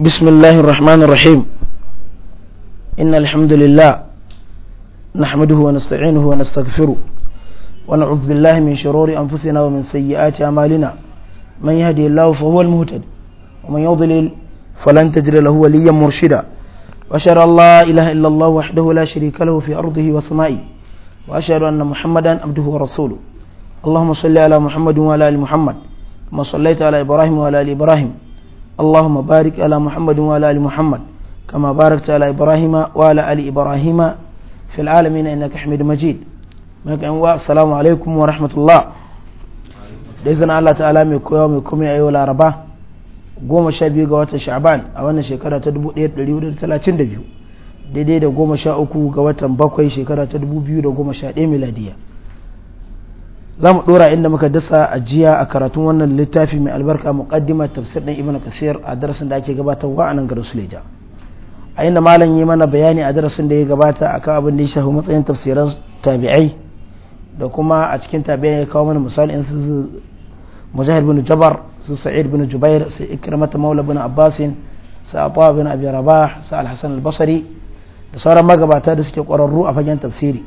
بسم الله الرحمن الرحيم إن الحمد لله نحمده ونستعينه ونستغفره ونعوذ بالله من شرور أنفسنا ومن سيئات أعمالنا من يهدي الله فهو المهتد ومن يضلل فلن تجد له وليا مرشدا وأشهد أن لا إله إلا الله وحده لا شريك له في أرضه وسمائه وأشهد أن محمدا عبده ورسوله اللهم صل على محمد وعلى آل محمد كما صليت على إبراهيم وعلى آل إبراهيم اللهم بارك على محمد وعلى آل محمد كما باركت على إبراهيم وعلى آل إبراهيم في العالمين إنك حميد مجيد السلام عليكم ورحمة الله da izinin Allah ta'ala mai koya mai kuma yayi wa laraba goma sha biyu ga watan sha'ban a wannan shekara ta 1432 daidai da goma sha uku ga watan bakwai shekara ta 2011 miladiya za mu ɗora inda muka dasa a jiya a karatun wannan littafi mai albarka muqaddima tafsir ɗin ibn kasir a darasin da ake gabatarwa a nan garin suleja a inda malam yi mana bayani a darasin da ya gabata akan abin da ya shafi matsayin tafsiran tabi'ai da kuma a cikin tabi'ai ya kawo mana misali in su mujahid bin jabar su sa'id bin jubair su ikramata maula bin abbasin su abu bin abi rabah su alhassan albasari da sauran magabata da suke ƙwararru a fagen tafsiri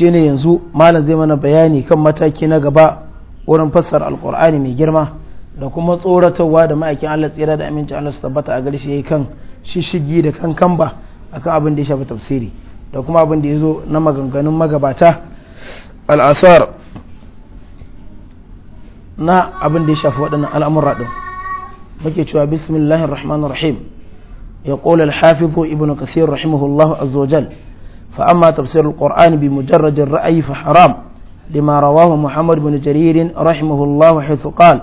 ne yanzu malam zai mana bayani kan mataki na gaba wurin fassara alkur'ani mai girma da kuma tsoratarwa da ma'aikin Allah tsira da aminci Allah su tabbata a garshe ya kan shishigi da kan kamba kan abin da ya shafi tafsiri da kuma abin da ya zo na maganganun magabata al'asar na abin da ya shafi waɗannan al'amura ɗin muke cewa bismillahir rahmanir rahim ya qala al-hafiz ibnu kasir rahimahullahu azza فأما تفسير القرآن بمجرد الرأي فحرام لما رواه محمد بن جرير رحمه الله حيث قال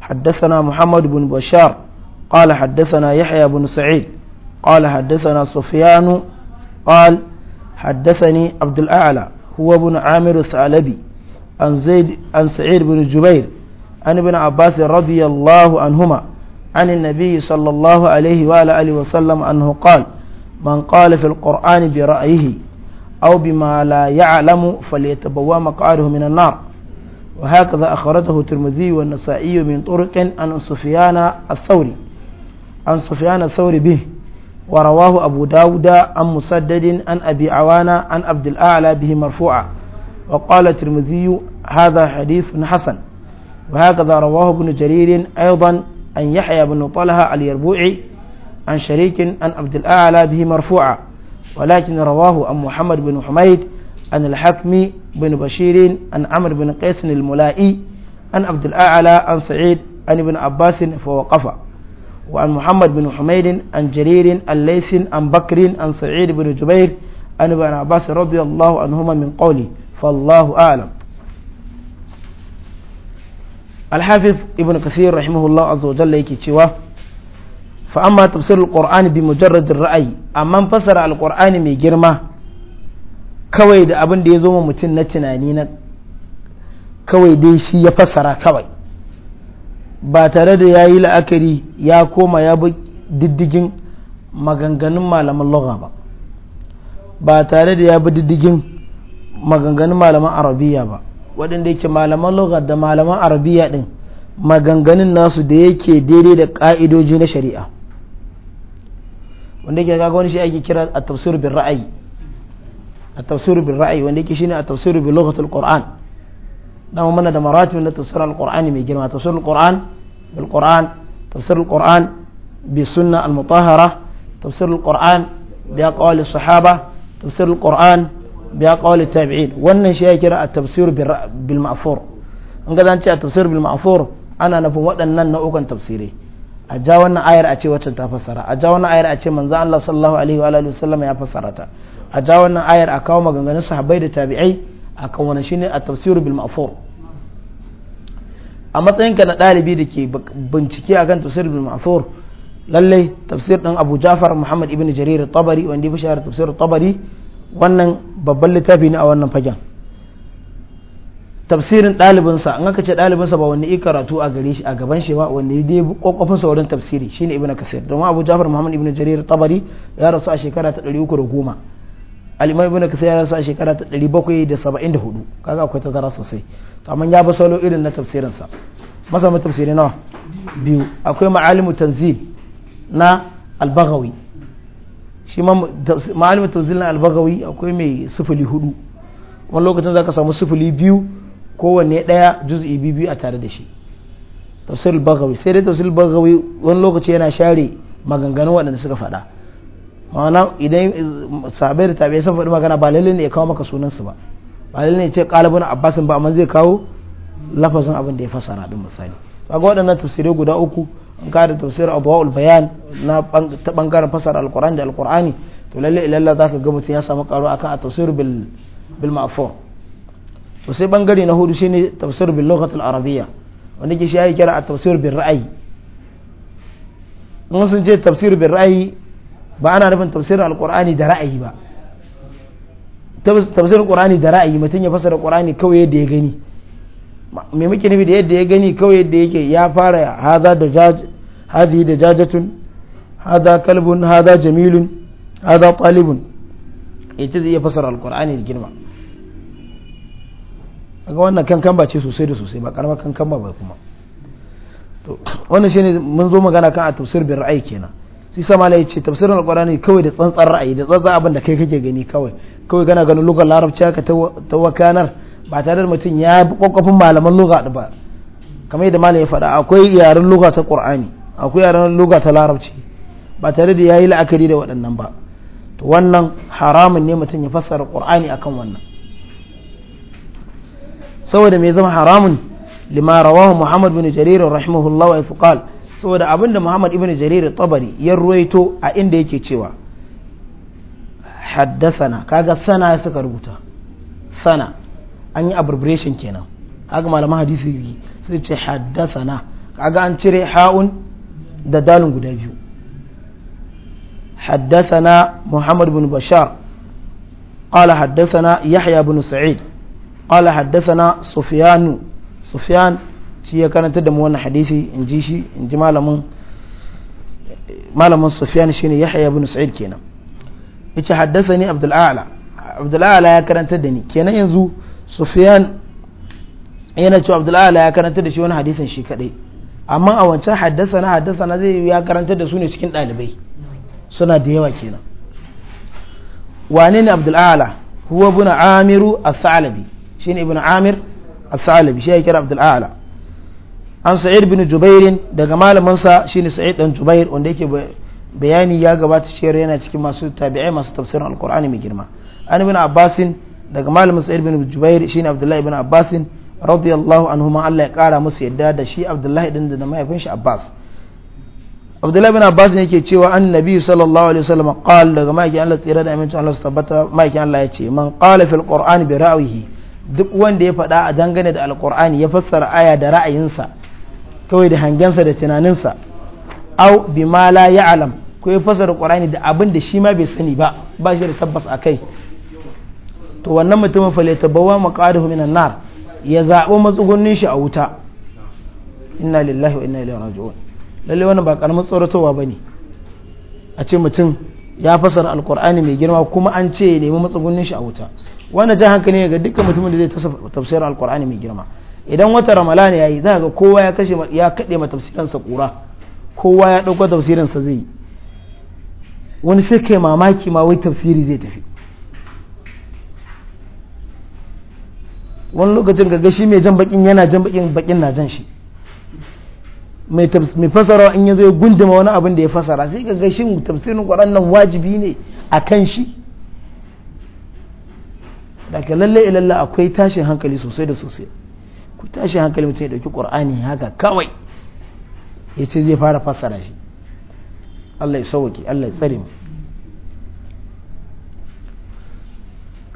حدثنا محمد بن بشار قال حدثنا يحيى بن سعيد قال حدثنا سفيان قال حدثني عبد الأعلى هو بن عامر الثعلبي عن زيد عن سعيد بن الجبير عن ابن عباس رضي الله عنهما عن النبي صلى الله عليه وآله وسلم أنه قال من قال في القرآن برأيه أو بما لا يعلم فليتبوى مقعده من النار وهكذا أخرجه الترمذي والنسائي من طرق عن سفيان الثوري عن سفيان الثوري به ورواه أبو داود عن مسدد عن أبي عوانة عن عبد الأعلى به مرفوعا وقال الترمذي هذا حديث حسن وهكذا رواه ابن جرير أيضا أن يحيى بن طلحة اليربوعي عن شريك عن عبد الأعلى به مرفوعا ولكن رواه عن محمد بن حميد عن الحكم بن بشير عن عمرو بن قيس الملائي عن عبد الأعلى عن سعيد عن ابن عباس فوقف وعن محمد بن حميد عن جرير عن ليس عن بكر عن سعيد بن جبير عن ابن عباس رضي الله عنهما من قوله فالله أعلم الحافظ ابن كثير رحمه الله عز وجل يكي fa amma tafsir alqur'ani bi mujarrad ra'ayi amma fasara alqur'ani mai girma kawai da abin da ya zo mutum na tunani na kawai dai shi ya fasara kawai ba tare da ya yi la'akari ya koma ya bi diddigin maganganun malaman lugha ba ba tare da ya bi diddigin maganganun malaman arabiya ba waɗanda yake malaman lugha da malaman arabiya ɗin maganganun nasu da yake daidai da ƙa'idoji na shari'a wanda yake kaga wani shi ake kira a tafsir bil ra'ayi a tafsir bil ra'ayi wanda yake shine a tafsir bil lughatil qur'an dama mana da maratib na tafsir al qur'ani mai girma tafsir al qur'an bil qur'an tafsir al qur'an bi sunna al mutahhara tafsir al qur'an bi aqwali sahaba tafsir al qur'an bi aqwali tabi'in wannan shi ya kira a tafsir bil ma'thur an ga zan ce a tafsir bil ma'thur ana nufin waɗannan nau'ukan tafsirai a ja wannan ayar a ce waccan ta fassara a ja wannan ayar a ce manzo Allah sallallahu alaihi wa alihi wasallam ya fassara ta a ja wannan ayar a kawo maganganun sahabbai da tabi'ai kan wannan shine at-tafsir bil ma'thur a matsayin ka na dalibi da ke bincike akan tafsir bil ma'thur lalle tafsir din Abu Ja'far Muhammad ibn Jarir at-Tabari wanda ya shahara tafsir at-Tabari wannan babban littafi ne a wannan fagen tafsirin ɗalibinsa an aka ce ɗalibinsa ba wani karatu a gare shi a gaban shi ba wani dai kwakwafin saurin tafsiri shine ibnu kasir domin abu jafar muhammad ibnu jarir tabari ya rasu a shekara ta 310 al-imam ibnu kasir ya rasu a shekara ta 774 kaga akwai tazara sosai to amma ya bi salo irin na tafsirinsa masa mu tafsiri nawa biyu akwai ma'alimu tanzil na al-baghawi shi ma ma'alimu tanzil na al-baghawi akwai mai sifili hudu wani lokacin zaka samu sifili biyu kowanne ɗaya juz'i biyu a tare da shi tafsir bagawi sai dai tafsir bagawi wani lokaci yana share maganganun waɗanda suka faɗa ma'ana idan eh, sabai da tabi'ai sun faɗi magana ba lallai ne ya kawo maka su ba ba lallai ne ya ce ƙalibin abbasin ba amma zai kawo lafazin abin da ya fasara din misali kaga waɗannan tafsirai guda uku an ka da tafsir adwaul bayan na ta bangaren fasara alqur'ani da alqur'ani to lallai ilalla zaka ga mutum ya samu karo akan at-tafsir bil bil ma'fur to sai bangare na hudu shine tafsir bil lughat al arabiyya wanda ke shi ya kira a tafsir bil ra'ayi in sun ce tafsir bil ra'ayi ba ana nufin tafsir al qur'ani da ra'ayi ba al qur'ani da ra'ayi mutum ya fasara qur'ani kawai yadda ya gani me muke nufi da yadda ya gani kawai yadda yake ya fara hadha da jaj hadi da jajatun hada kalbun hada jamilun hada talibun yace zai iya fasara qur'ani da girma ga wannan kankan ba ce sosai da sosai ba karamar kankan ba kuma to wannan shine mun zo magana kan a tafsir bi ra'ayi kenan sai sama la ce tafsirin alqur'ani kawai da tsantsan ra'ayi da tsantsan abin da kai kake gani kawai kawai kana ganin lugar larabci ka wakanar ba tare da mutum ya bi kwakwafin malaman lugha ba kamar yadda malam ya faɗa akwai yaren lugha ta qur'ani akwai yaren lugha ta larabci ba tare da yayi la'akari da waɗannan ba to wannan haramun ne mutum ya fassara qur'ani akan wannan saboda mai zama haramun lima rawahu muhammad bin jarir rahimahullah wa fuqal saboda abinda muhammad ibn jarir tabari ya ruwaito a inda yake cewa haddasana kaga sana ya suka rubuta sana an yi abbreviation kenan haka malaman hadisi su ce haddasana kaga an cire ha'un da dalin guda biyu haddasana muhammad bin bashar قال حدثنا يحيى بن سعيد قال حدثنا سفيان سفيان شي كانت da mu wannan hadisi in ji shi in ji malamin malamin Sufyan shine Yahya ibn Sa'id kenan yace haddathani Abdul A'la Abdul A'la ya karanta da ni kenan yanzu Sufyan yana cewa Abdul A'la ya karanta da shi wani hadisin shi kadai amma a wancan haddasana haddasana zai ya karanta da su ne cikin ɗalibai suna da yawa kenan wane ne Abdul A'la huwa ibn Amiru as-Salabi shine ibn amir as-salabi shi ya kira abdul a'la an sa'id bin jubair daga malamin sa shine sa'id dan jubair wanda yake bayani ya gabata cewa yana cikin masu tabi'ai masu tafsirin alqur'ani mai girma an ibn abbasin daga malamin sa'id bin jubair shine abdullahi ibn abbasin radiyallahu anhuma Allah ya kara musu yadda da shi abdullahi din da mahaifin shi abbas abdullahi bin abbas ne ke cewa annabi sallallahu alaihi wasallam qal daga maki Allah tsira da amincin Allah su tabbata maki Allah ya ce man qala fil qur'ani bi ra'yihi duk wanda ya faɗa a dangane da alkur'ani ya fassara aya da ra'ayinsa kawai da hangensa da tunaninsa au bi ma la ya'lam ko ya fassara qur'ani da abin da shi ma bai sani ba ba shi da tabbas akai to wannan mutumin fa la maqadahu minan nar ya zabo matsugunnin shi a wuta inna lillahi wa inna ilaihi raji'un lalle wannan ba karamin tsoratowa bane a ce mutum ya fassara alkur'ani mai girma kuma an ce ya nemi matsugunnin shi a wuta wannan jan hankali ne ga dukkan mutumin da zai tafsirin alkur'ani mai girma idan wata ya yi za ga kowa ya kashe ya kaɗe ma tafsirinsa sa kura kowa ya ɗauko tafsirin sa yi wani sai kai mamaki ma wai tafsiri zai tafi wani lokacin ga gashi mai jan bakin yana jan bakin bakin na jan shi mai fasara in ya zo ya gunduma wani abin da ya fasara sai ga gashin tafsirin ƙwaron nan wajibi ne a kan shi daga lalle ilalla akwai tashin hankali sosai da sosai ku tashin hankali mutum ya dauki qur'ani haka kawai ya ce zai fara fassara shi Allah ya sauke Allah ya tsare mu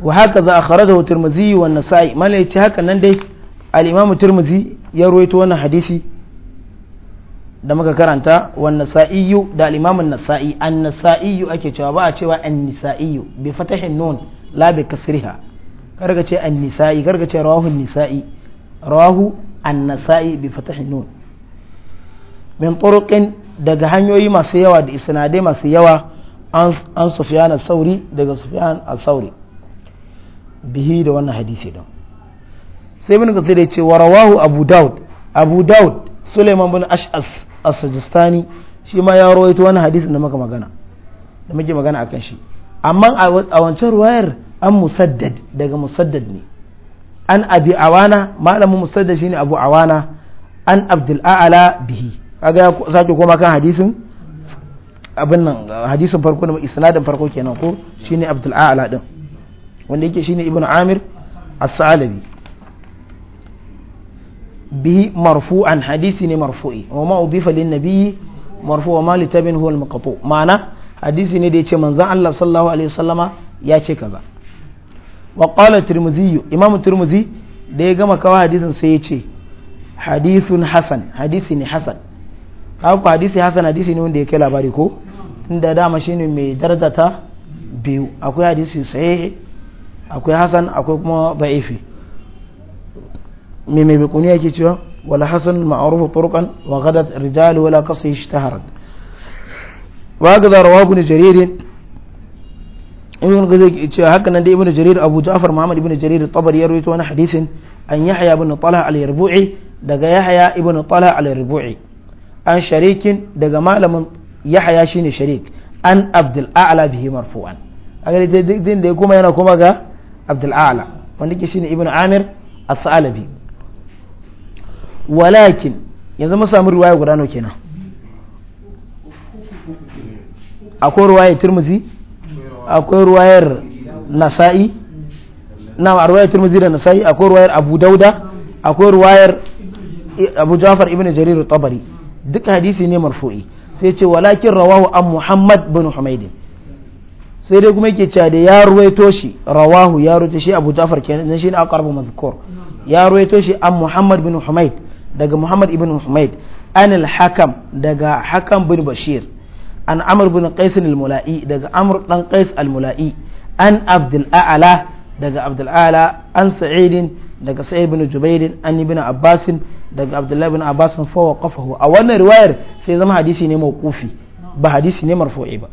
wa haka za a wa tirmidhi wa nasa'i mala yace haka nan dai al-imamu ya ruwaito wannan hadisi da muka karanta wa nasa'i da al-imamu nasa'i an-nasa'i ake cewa ba a cewa an-nisa'i bi fatahin nun la bi kasriha karga ce an nisa'i karga ce rawahu nisa'i rawahu an nasa'i bi fatahi nun min turuqin daga hanyoyi masu yawa da isnadai masu yawa an sufyan al-sauri daga sufyan al-sauri bihi da wannan hadisi don sai bin gatsir da ce wa rawahu abu daud abu daud suleiman bin ash'as as-sajistani shi ma ya rawaito wannan hadisin da muka magana da muke magana akan shi amma a wancan ruwayar an musaddad daga musaddad ne an abi awana malamin musaddad shine abu awana an abdul a'ala bihi kaga ya sake koma kan hadisin abin nan hadisin farko da isnadin farko kenan ko shine abdul a'ala din wanda yake shine ibnu amir as-salabi bihi marfu'an hadisi ne marfu'i wa ma udifa lin nabiy marfu wa ma litabin huwa al-maqtu ma'ana hadisi ne da yace manzon Allah sallallahu alaihi wasallama ya ce kaza wa qala tirmidhi imam tirmidhi da ya gama kawo hadisin sai ya ce hadithun hasan hadisi ne hasan kawo hadisi hasan hadisi ne wanda ya kai labari ko da dama mai daraja ta biyu akwai hadisi sahih akwai hasan akwai kuma da'ifi me mai bikuni yake cewa wala hasan ma'arufu turqan wa ghadat rijal wala qasih ishtaharat wa gadara wa ibn jaririn. in ga zai ce haka nan da ibn jarir abu ja'far muhammad ibn jarir tabari ya rawaito wani hadisin an yahya ibn talha al-yarbu'i daga yahya ibn talha al-yarbu'i an sharikin daga malamin yahya shine sharik an abdul a'la bihi marfu'an a ga din da kuma yana kuma ga abdul a'la wanda ke shine ibn amir as-salabi walakin yanzu mun samu riwaya guda nawa kenan akwai riwaya tirmidhi akwai ruwayar nasa'i na a ruwayar turmizi da nasa'i akwai ruwayar abu dauda akwai ruwayar abu jafar ibn jarir tabari duka hadisi ne marfu'i sai ce walakin rawahu an muhammad bin humaydin sai dai kuma yake cewa da ya ruwaito shi rawahu ya ruwaito shi abu jafar kenan shi ne aqrabu ya ruwaito shi an muhammad bin humayd daga muhammad ibn humayd anil hakam daga hakam bin bashir an amr bin qais al-mula'i daga amr dan qais al-mula'i an abdul a'la daga abdul a'la an sa'id daga sa'id bin jubair an ibn abbas daga abdullahi bin abbas fa waqafahu a wannan riwayar sai zama hadisi ne mawqufi ba hadisi ne marfu'i ba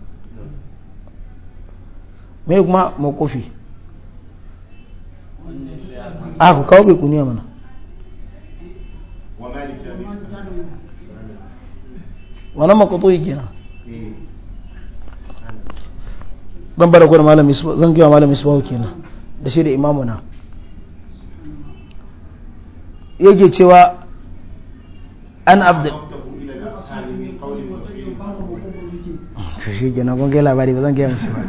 me kuma mawqufi a ku kawo bai kuniya mana wannan yake kenan zan bada kuwa malam isma'u zan giwa malam isma'u kenan da shi da imamuna yake cewa an abdul shi gina gungun labari ba zan giya musu ba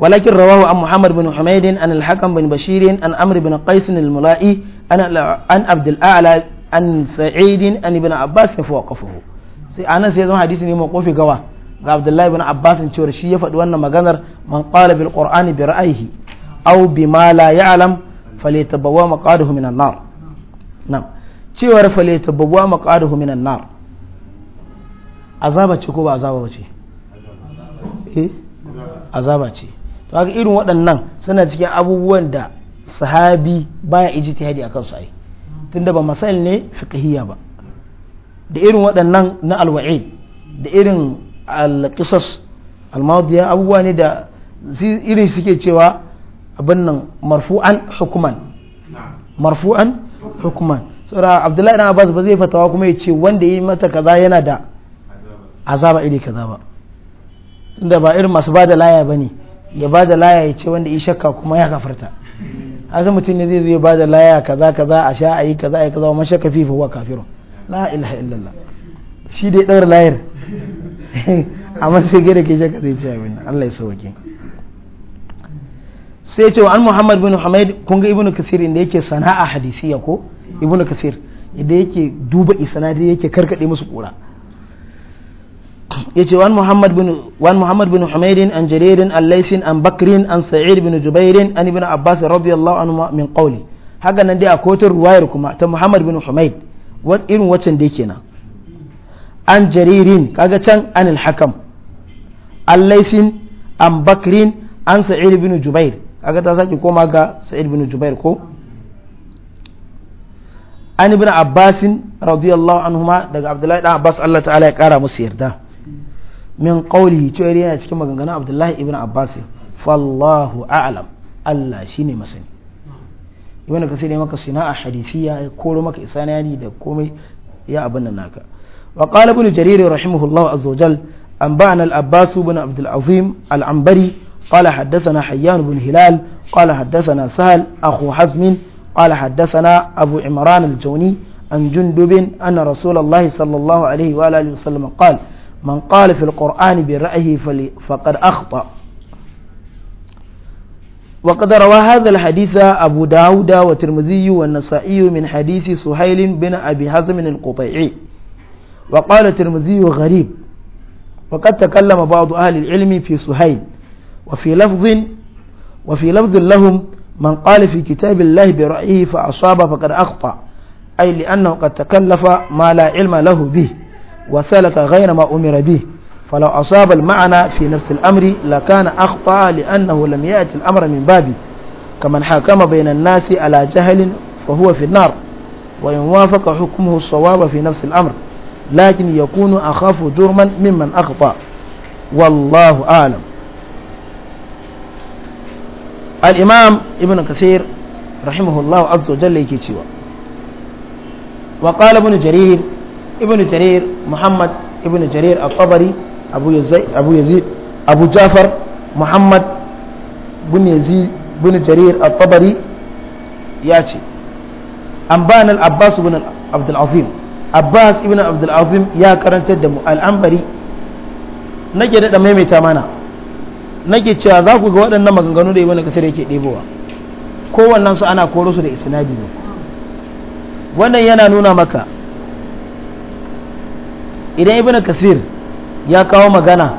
walakin rawahu an muhammad bin muhammadin an alhakan bin bashirin an amri bin qaisin al an abdul a'la an sa'idin an ibn abbas ya kafuhu. sai anan sai zama hadisi ne mai kofi gawa ga abdullahi bin abbas cewa shi ya faɗi wannan maganar man qala bil qur'ani bi ra'ayhi aw bima la ya'lam falyatabawa maqadahu minan nar na'am cewa falyatabawa maqadahu minan nar azaba ce ko ba azaba ba ce eh azaba ce to haka irin waɗannan suna cikin abubuwan da sahabi baya ijtihadi akan su ai tunda ba masal ne fiqhiyya ba da irin waɗannan na alwai da irin alƙisas almaudiya abubuwa ne da irin suke cewa abin nan marfu'an hukuman marfu'an hukuman saboda abdullahi dan abbas ba zai fatawa kuma ya ce wanda yi mata kaza yana da azaba iri kaza ba tunda ba irin masu bada laya ba ne ya bada laya ya ce wanda yi shakka kuma ya kafarta azan mutum ne zai zo ya bada laya kaza kaza a sha a yi kaza a yi kaza wa mashaka fifa huwa kafirun la ilaha illallah shi dai ɗaura layar amma sai gida ke shaka zai ce abin Allah ya sauke sai ce wa an Muhammad bin sana'a hadisiya ko inda yake musu kura yace wan Muhammad bin wan Muhammad bin humayd an Jarir an Lais an Bakr an Sa'id bin Jubair an Ibn Abbas radiyallahu anhu min qawli haka nan dai akwai wata ruwayar kuma ta Muhammad bin humayd irin waccan yake nan an jaririn kaga can an hakam an laifin an bakirin an sa'ir bin jubair kaga ta sake koma ga sa'ir bin jubair ko an ibn abbasin radiyallahu anhuma daga abdullahi dan abbas Allah ta'ala ya kara musu yarda min qawlihi cewa yana cikin maganganun abdullahi ibn abbas fallahu a'lam Allah shine masani ibn kasir ya maka sina'a hadisiya ya koro maka isanani da komai ya abin naka wa qala jaririn jarir rahimahullahu azza wajal anba'ana al-abbas al-azim al-anbari qala haddathana hayyan ibn hilal qala haddathana sahal akhu hazm qala haddathana abu imran al-jawni an jundub anna rasulullah sallallahu alayhi wa sallam qala man qala fi al-qur'ani bi ra'yihi faqad akhta' وقد روى هذا الحديث أبو داود والترمذي والنسائي من حديث سهيل بن أبي حزم القطيعي وقال الترمذي غريب وقد تكلم بعض أهل العلم في سهيل وفي لفظ وفي لفظ لهم من قال في كتاب الله برأيه فأصاب فقد أخطأ أي لأنه قد تكلف ما لا علم له به وسلك غير ما أمر به فلو أصاب المعنى في نفس الأمر لكان أخطأ لأنه لم يأتي الأمر من بابه كمن حكم بين الناس على جهل فهو في النار وإن وافق حكمه الصواب في نفس الأمر لكن يكون أخاف جرما ممن أخطأ والله أعلم الإمام ابن كثير رحمه الله عز وجل يكتوى وقال ابن جرير ابن جرير محمد ابن جرير الطبري abu yazid abu jafar muhammad bin yazid bin jarir at tabari ya ce an bani al-abbas bin abdul-azim abbas ibn abdul-azim ya karantar da mu al-anbari nake da maimaita mana nake cewa za ku ga waɗannan maganganu da ibn kasar yake ɗebowa kowannan su ana koro su da isnadi ne wannan yana nuna maka idan ibn kasir ya kawo magana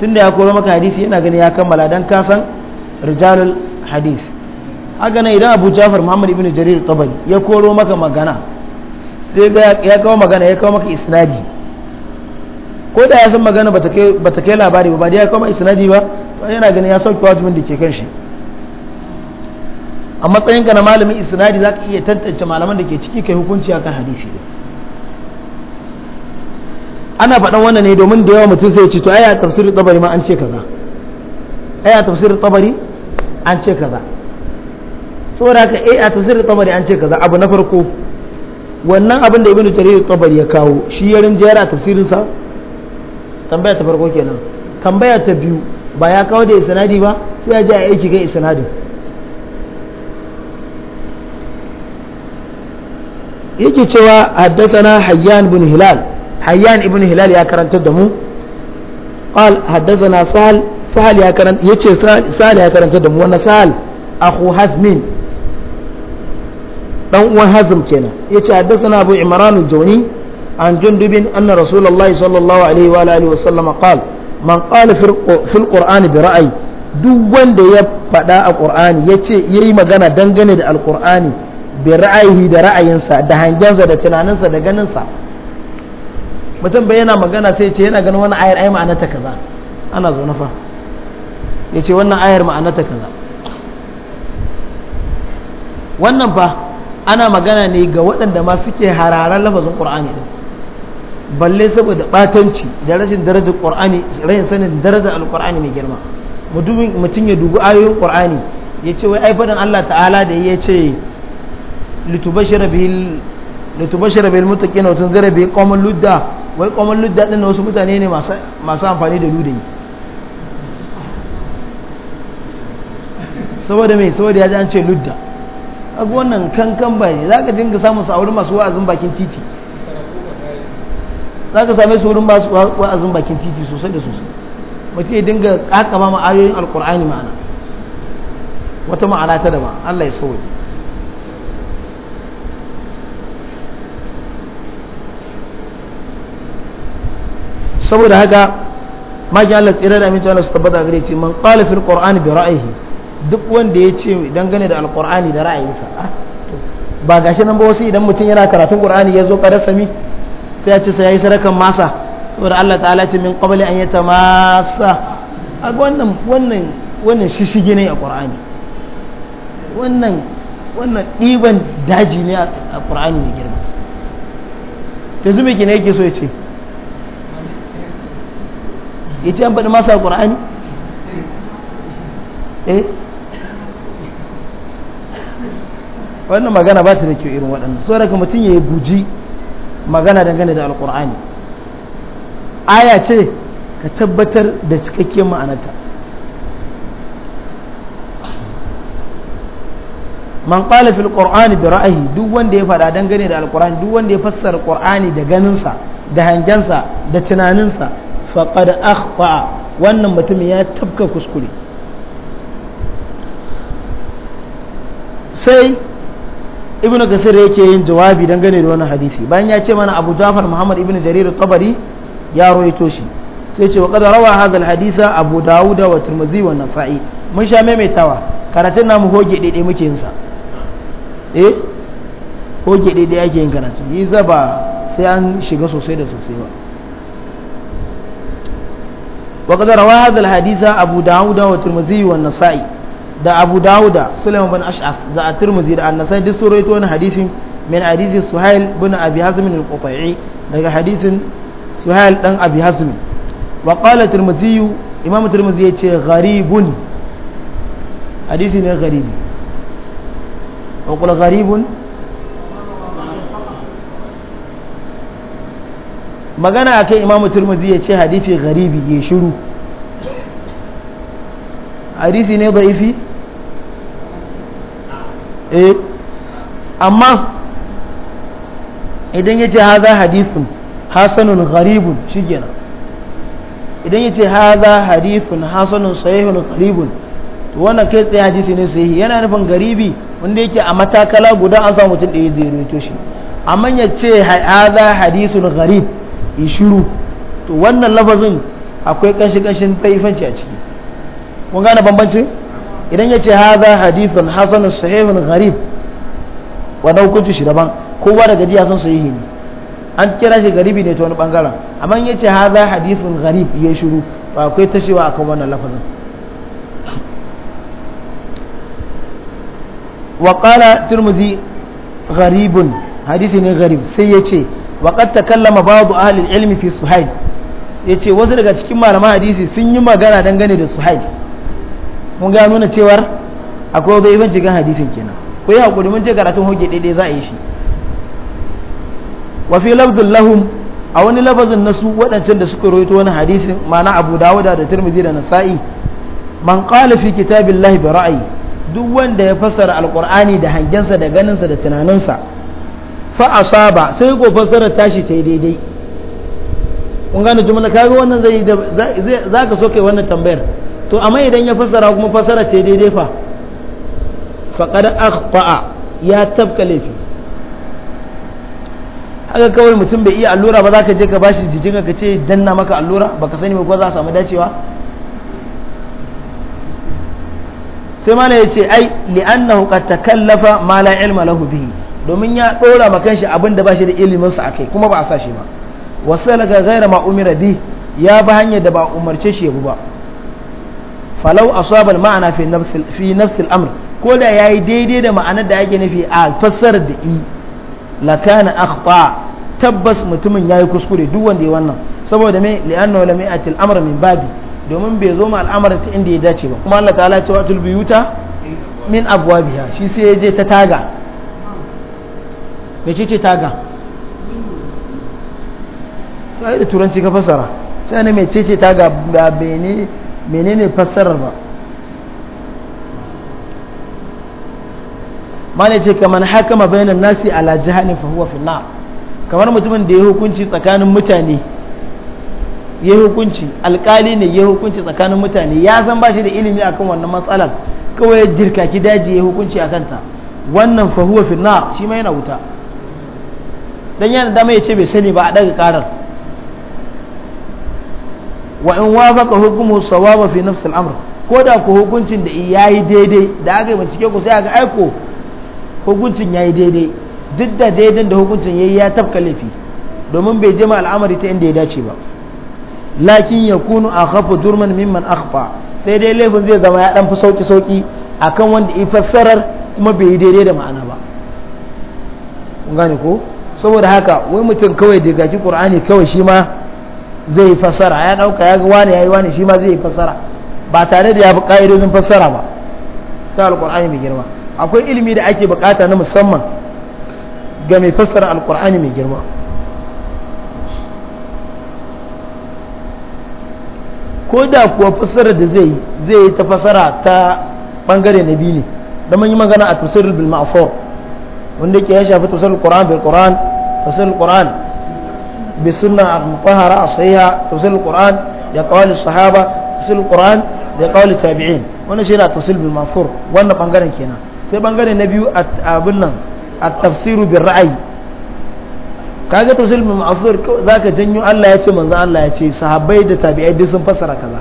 tunda ya koro maka hadisi yana gani ya kammala dan ka san rijalul hadis haka nan idan abu jafar muhammad ibn jarir tabari ya koro maka magana sai ya kawo magana ya kawo maka isnadi ko da ya san magana ba ta kai labari ba ba da ya kawo maka isnadi ba to yana gani ya sauki wajibin da ke kan shi a matsayinka na malamin isnadi za ka iya tantance malaman da ke ciki kai hukunci akan hadisi ana faɗan wannan ne domin da yawa mutum sai ce to ai a tafsirin tabari ma an ce kaza ai a tafsirin tabari an ce kaza saboda haka ai eh, a tafsirin tabari an ce kaza abu na farko wannan abin da ibnu jarir tabari ya kawo shi ya rinjayar a tafsirin sa tambaya ta farko kenan tambaya ta biyu ba ya kawo da isnadi ba sai ya ji a aiki ga isnadi yake cewa haddathana hayyan bin hilal hayyan ibn hilal ya karantar da mu qal haddathana sahal ya karanta yace ya karantar da mu sahal akhu hazmin dan uwan hazm kenan yace haddathana abu imran al-jawni an jundubin anna rasulullahi sallallahu alaihi wa alihi wa sallam man qala fil qur'ani bi ra'ayi duk wanda ya faɗa a ƙur'ani yace ce ya yi magana dangane da alƙur'ani bi ra'ayi da ra'ayinsa da hangensa da tunaninsa da ganinsa mutum bai yana magana sai ce yana ganin wannan ayar ai ma'anarta kaza ana zo na fa ya ce wannan ayar ma'anarta kaza wannan fa ana magana ne ga waɗanda ma suke hararar lafazin qur'ani ɗin balle saboda ɓatanci da rashin daraja ƙur'ani rashin sanin daraja alƙur'ani mai girma mutum ya dubi ayoyin ƙur'ani ya ce wai ai Allah ta'ala da ya ce litubashira bil litubashira bil muttaqina wa tunzira bi ludda wai kwamin ludda ɗin na wasu mutane ne masu amfani da ludayi saboda mai saboda ya ji an ce ludda aga wannan kankan ba ne za ka dinga samun su a wurin masu wa'azin bakin titi za ka same su wurin masu wa'azin bakin titi sosai da sosai mutum ya dinga kakama ma ayoyin alkur'ani ma'ana wata ma'ana ta dama allah ya sauri. saboda haka maki Allah tsira da aminci Allah su tabbata gare ce man qala fil qur'ani bi ra'ayi duk wanda ya ce dangane da alqur'ani da ra'ayinsa ah, ba gashi nan ba wasu idan mutum yana karatun qur'ani ya zo kada sami sai ya ce sai yayi sarakan masa saboda Allah ta'ala ce min qabli an yatamassa a wannan wannan wannan shishige ne a qur'ani wannan wannan diban daji ne a qur'ani mai girma yanzu me kine yake so ya ce ya ce an faɗi masu a eh wannan magana ba ta da kyau irin waɗannan so daga mutum ya guji magana dangane da alƙur'ani aya ce ka tabbatar da cikakken ma'anarta man qala fil qur'ani bi ra'ayi duk wanda ya faɗa dangane da alƙur'ani duk wanda ya fassara ƙur'ani da ganinsa da hangensa da tunaninsa faqad akhfa wannan mutum ya tabka kuskure sai ibn kasir yake yin jawabi dangane da wannan hadisi bayan ya ce mana abu jafar muhammad ibn jarir tabari ya roito shi sai ce wa qad rawa hadha hadisa abu dauda wa tirmidhi wa nasa'i mun sha maimaitawa karatun namu hoge daidai muke yin sa eh hoge daidai ake yin karatu yi ba sai an shiga sosai da sosai ba وقد روى هذا الحديث أبو داود والترمذي والنسائي da Abu Dawuda Sulaiman bin Ash'af da At-Tirmidhi da An-Nasai duk sun rawaito wani hadisin hadisi Suhail bin Abi Hazm al daga hadisin Suhail dan Abi Hazm wa qala Tirmidhi Imam Tirmidhi ne magana a kan imamu turmudi ya ce hadisi garibi ya shiru hadisi ne da'ifi eh amma idan ya ce haza hadisun hasanun garibun shi gina idan ya ce haza ha hasanun sahihun garibun to wannan kai tsaye hadisi ne sahihi yana nufin garibi wanda yake a matakala guda an samu mutum ɗaya da ya rito shi amma ya ce haza hadisun garibun yi shiru to wannan lafazin akwai kanshi kanshin taifanci a ciki kun gane bambancin idan ya ce haza hadithun hasanun sahihun gharib wa hukunci shi daban kowa daga jiya san sahihi ne an kira shi garibi ne ta wani bangaren amma ya ce haza hadithun gharib ya shiru to akwai tashewa akan wannan lafazin wa qala tirmidhi gharibun hadisi ne gharib sai ya ce wa qad takallama ba'd ahli al-ilm fi yace wasu daga cikin malaman hadisi sun yi magana dangane da suhail mun ga nuna cewar akwai wani ibanci gan hadisin kenan ko ya hakuri mun je karatun hoge daidai za a yi shi wa fi lafzin lahum a wani lafazin na su da suka rawaito wani hadisin mana abu dawuda da tirmidhi da nasa'i man qala fi kitabillahi bi ra'ayi duk wanda ya fassara alqur'ani da hangensa da ganinsa da tunaninsa fa asaba sai ko fasara tashi ta daidai kun gane jumla kaga wannan zai za ka so kai wannan tambayar to amma idan ya fassara kuma fassara ta daidai fa faqad akhta'a ya tabka laifi haka kawai mutum bai iya allura ba za ka je ka bashi jijin ka ce danna maka allura baka sani ba ko za a samu dacewa sai mala ya ce ai li'annahu qad takallafa ma la ilma lahu bihi domin ya ɗora ma kanshi abin da ba shi da ilimin sa akai kuma ba a sa shi ba wasalaka ghaira ma umira bi ya ba hanyar da ba umarce shi ba falau asabal ma'ana fi nafsil fi ko da yayi daidai da ma'anar da ake nufi a fassarar da i lakana akhta tabbas mutumin yayi kuskure duk wanda ya wannan saboda mai li'annahu lam ya'ti al-amr min babi domin bai zo ma al'amarin ta inda ya dace ba kuma Allah ta'ala ce wa tulbiyuta min abwabiha shi sai ya je ta taga mece ce taga ta da turanci ka fasara sai ne mece ce taga ba bene menene fasarar ba ne ce kamar hakama bayanan nasi ala jahalin fahuwa huwa kamar mutumin da ya hukunci tsakanin mutane ya hukunci alkali ne ya hukunci tsakanin mutane ya san ba shi da ilimi akan wannan matsalar kawai jirkaki daji ya hukunci a kanta wannan fahuwa huwa shi ma yana wuta dan yana da ya ce bai sani ba a daga karar wa in wafaqa hukmu sawaba fi al amr ko da ku hukuncin da yayi daidai da aka yi bincike ku sai aka aiko hukuncin yayi daidai duk da daidan da hukuncin yayi ya tafka laifi domin bai je ma al'amari ta inda ya dace ba lakin a akhafu jurman mimman akhfa sai dai laifin zai zama ya dan fi sauki sauki akan wanda ya fassarar kuma bai yi daidai da ma'ana ba kun ko saboda haka wai mutum kawai da gaki qur'ani kawai shi ma zai fassara ya dauka ya ga wani yayi wani shi ma zai fassara ba tare da ya bi ka'idodin fassara ba ta alqur'ani mai girma akwai ilimi da ake bukata na musamman ga mai fasara alqur'ani mai girma ko da kuwa fassara da zai zai ta fasara ta bangare na biyu ne da mun yi magana a tafsirul bil ma'fur wanda ke ya shafi tafsirul qur'an bil qur'an tafsirul qur'an bi a mutahhara a sahiha tafsirul Alƙuran da kawali sahaba tafsirul Alƙuran da kawali tabi'in wannan shi ne tafsir bil mafhur wannan ke kenan sai bangare na biyu a abin nan a tafsiru bai ra'ayi kaga tafsir mafur za ka janyo Allah ya ce manzan Allah ya ce sahabbai da tabi'ai duk sun fassara kaza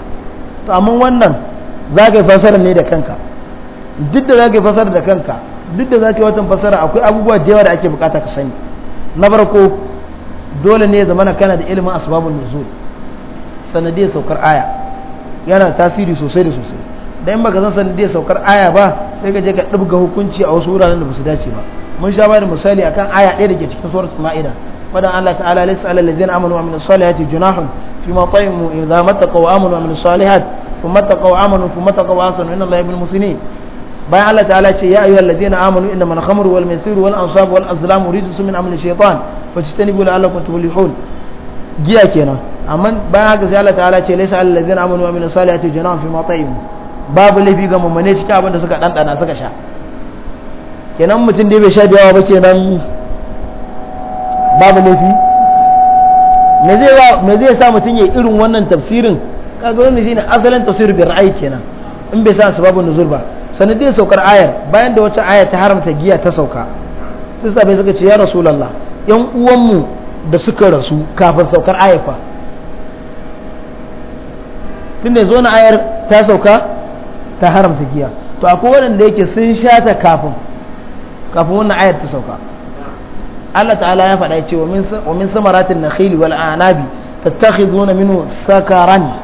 to amma wannan za ka yi fasara ne da kanka duk da za ka yi fasara da kanka duk da ka yi watan fasara akwai abubuwa da yawa da ake bukata ka sani na farko dole ne zamana kana da ilimin asibabin nuzul sanadiyar saukar aya yana tasiri sosai da sosai da in baka san sanadiyar saukar aya ba sai ka je ka dubga hukunci a wasu wuraren da ba su dace ba mun sha bayar misali akan aya ɗaya da ke cikin suratul ma'ida fadan Allah ta'ala laysa alal ladzina amanu wa amilus salihati junahun fima ta'imu idza mattaqaw amanu wa amilus salihati ثم اتقوا عملوا ثم اتقوا احسنوا ina الله musu ne. bayan Allah ta'ala ce ya ayyuhal ladina amanu inna man khamru wal maisiru wal ansabu wal uridu su min amali shaytan fajtanibu la'allakum tuflihun giya kenan amma bayan haka sai Allah ta'ala ce laysa al ladina amanu wa min salihati janan fi ma babu laifi ga mamane cikin abin da suka dandana suka sha kenan mutum da bai sha da yawa ba kenan babu laifi me zai sa mutum ya irin wannan tafsirin kaga wannan shine asalin tafsir bi ra'ayi kenan in bai sa sababun nuzul ba sanadiyar saukar ayar bayan da wata aya ta haramta giya ta sauka sai sabai suka ce ya rasulallah yan uwanmu da suka rasu kafin saukar ayar fa tunda zo na ayar ta sauka ta haramta giya to akwai waɗanda yake sun sha ta kafin kafin wannan ayar ta sauka Allah ta'ala ya faɗa ce wa min samaratin nakhili wal anabi tattakhiduna minhu sakaran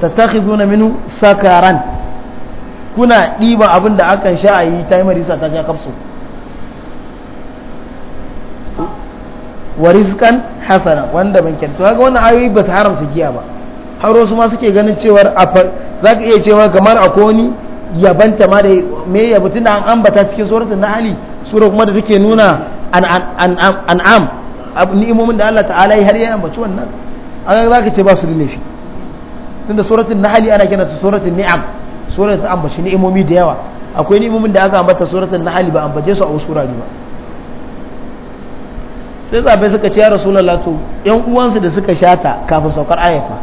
tattakhiduna minhu sakaran kuna ɗiba abin da akan sha a yi ta yi marisa ta sha kafso. wa hasana wanda ban kyautu haka wannan ayoyi ba ta haramta giya ba har wasu ma suke ganin cewar za ka iya cewa kamar a koni yabanta ma da me yabu tunda an ambata cikin suratul nahl sura kuma da take nuna an'am ni'imomin da Allah ta'ala har ya ambaci wannan an za ka ce ba su da laifi tunda suratul nahl ana kiran ta suratul ni'am surar ta ambaci ni'imomi da yawa akwai ni'imomin da aka ambata ta nahali ba ambace su a wasu surari ba sai zabe suka ce ya rasulullah to yan uwansu da suka shata kafin saukar ayyafa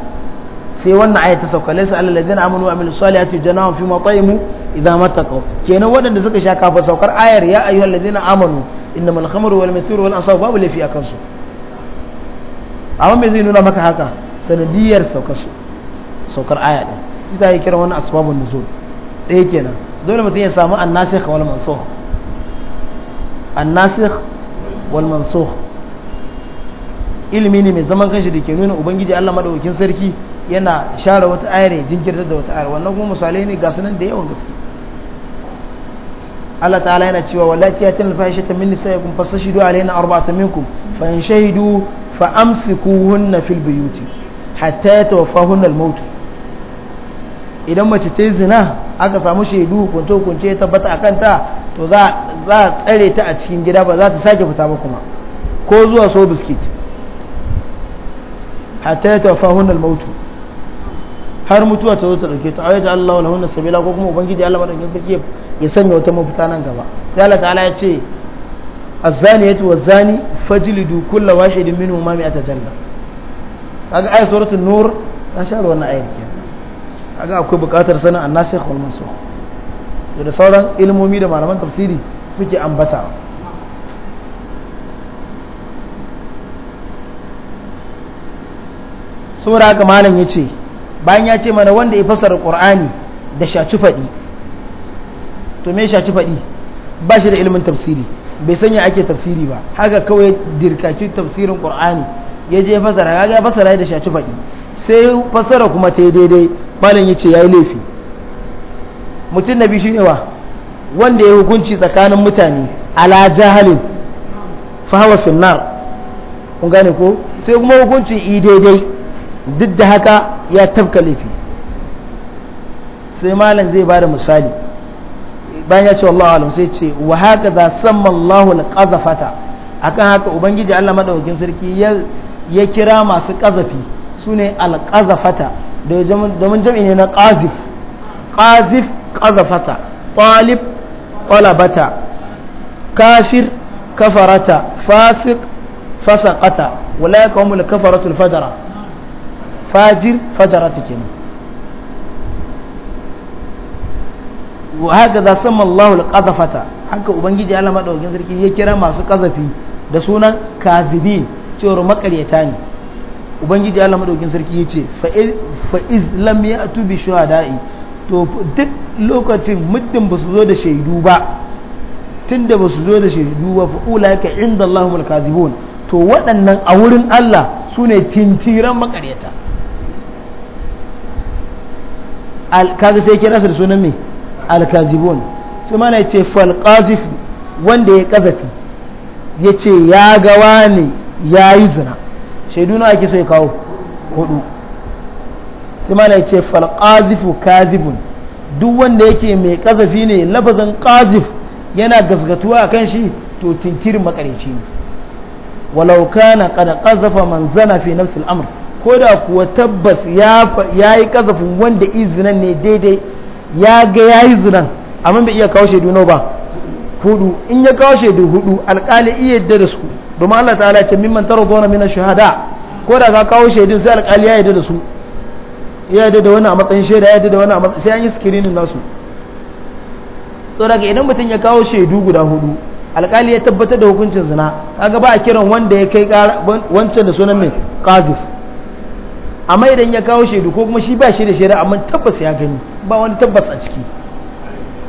sai wannan ayyata saukar laysa alal ladina amanu wa amilus salihati janahum fi mataimu idza mattaqu kenan waɗanda suka sha kafin saukar ayar ya ayyuhal ladina amanu innamal khamru wal maisiru wal ansabu babu lafi akan su amma me zai nuna maka haka sanadiyar saukar su saukar aya din bisa yi kira wani asbabun nuzul ɗaya kenan dole mutum ya samu annasikh wal mansukh annasikh wal mansukh ilimi ne mai zaman kanshi da ke nuna ubangiji Allah maɗaukin sarki yana share wata ayar ya jinkirtar da wata ayar wannan kuma misalai ne ga nan da yawan gaske Allah ta'ala yana cewa wallati yatin alfahishata min nisaikum fastashidu alaina arba'atan minkum fa in shahidu fa amsikuhunna fil buyuti hatta yatawaffahunna al-maut idan mace ta yi zina aka samu shaidu hukunce hukunce ya tabbata a kanta to za a tsare ta a cikin gida ba za ta sake fita ba kuma ko zuwa so biskit hata ya tafa hunar mautu har mutuwa ta zo ta dauke ta ayyata Allah na hunar sabila ko kuma ubangiji Allah madaukin sarki ya sanya wata mafita nan gaba sai Allah ta'ala ya ce az-zaniyatu waz-zani fajlidu kullu wahidin minu ma mi'ata janna kaga ayat suratul nur ta share wannan ayat kenan kaga akwai buƙatar sanin annasikh wal mansukh da sauran ilmomi da malaman tafsiri suke ambata sura ga malam ya ce bayan ya ce mana wanda ya fasara qur'ani da shaci faɗi to me shaci fadi ba shi da ilimin tafsiri bai sanya ake tafsiri ba haka kawai dirkaki tafsirin qur'ani ya fasara kaga ya fasara da shaci faɗi sai fasara kuma ta daidai malam ya ce ya yi laifi mutum na biyu shine wa wanda ya hukunci tsakanin mutane ala jahalin fahawa finnar kun gane ko sai kuma hukuncin i daidai duk da haka ya tafka laifi sai malam zai ba da misali bayan ya ce wa alam sai ce wa haka za samma Allahu al-qazafata akan haka ubangiji Allah maɗaukin sarki ya kira masu kazafi sune al domin jami'i ne na ƙazif ƙazif ƙazafata ƙwalib ƙwalabata kafir kafarata fasik fasakata wala ya kawo mula kafaratul fajara fajir fajara ta ke nan haka za sama Allah ƙazafata haka ubangiji alama ɗaukin sarki ya kira masu ƙazafi da sunan kazibin cewar makaryata ne ubangiji Allah madaukin sarki ya ce fa iz lam ya'tu bi shuhada'i to duk lokacin muddin ba su zo da shaidu ba tunda ba su zo da shaidu ba fa ulaika inda Allahumul kadhibun to waɗannan a wurin Allah su ne tintiran makaryata kaga sai kira su da sunan me alkazibun su mana ya ce falkazif wanda ya kazafi ya ce ya gawa ne ya yi zina shaidu nawa ake so ya kawo hudu sai mana ya ce falqazifu kadhibun duk wanda yake mai kazafi ne lafazin qazif yana gasgatuwa kan shi to tinkir makarici ne walau kana qad qazafa man zana fi nafsi al-amr ko da kuwa tabbas ya yi kazafin wanda izinan ne daidai ya ga ya yi zinan amma bai iya kawo shaidu nawa ba hudu in ya kawo shaidu hudu alƙali iya yadda da su domin Allah ta'ala ya ce mimman taradona min ash shahada ko da ka kawo shaidun sai alƙali ya yadda da su ya yadda da wani a matsayin shaida ya yadda da wani a matsayin sai an yi screening nasu daga idan mutum ya kawo shaidu guda hudu alƙali ya tabbatar da hukuncin zina kaga ba a kiran wanda ya kai wancan da sunan mai kazif amma idan ya kawo shaidu ko kuma shi ba shi da shaida amma tabbas ya gani ba wani tabbas a ciki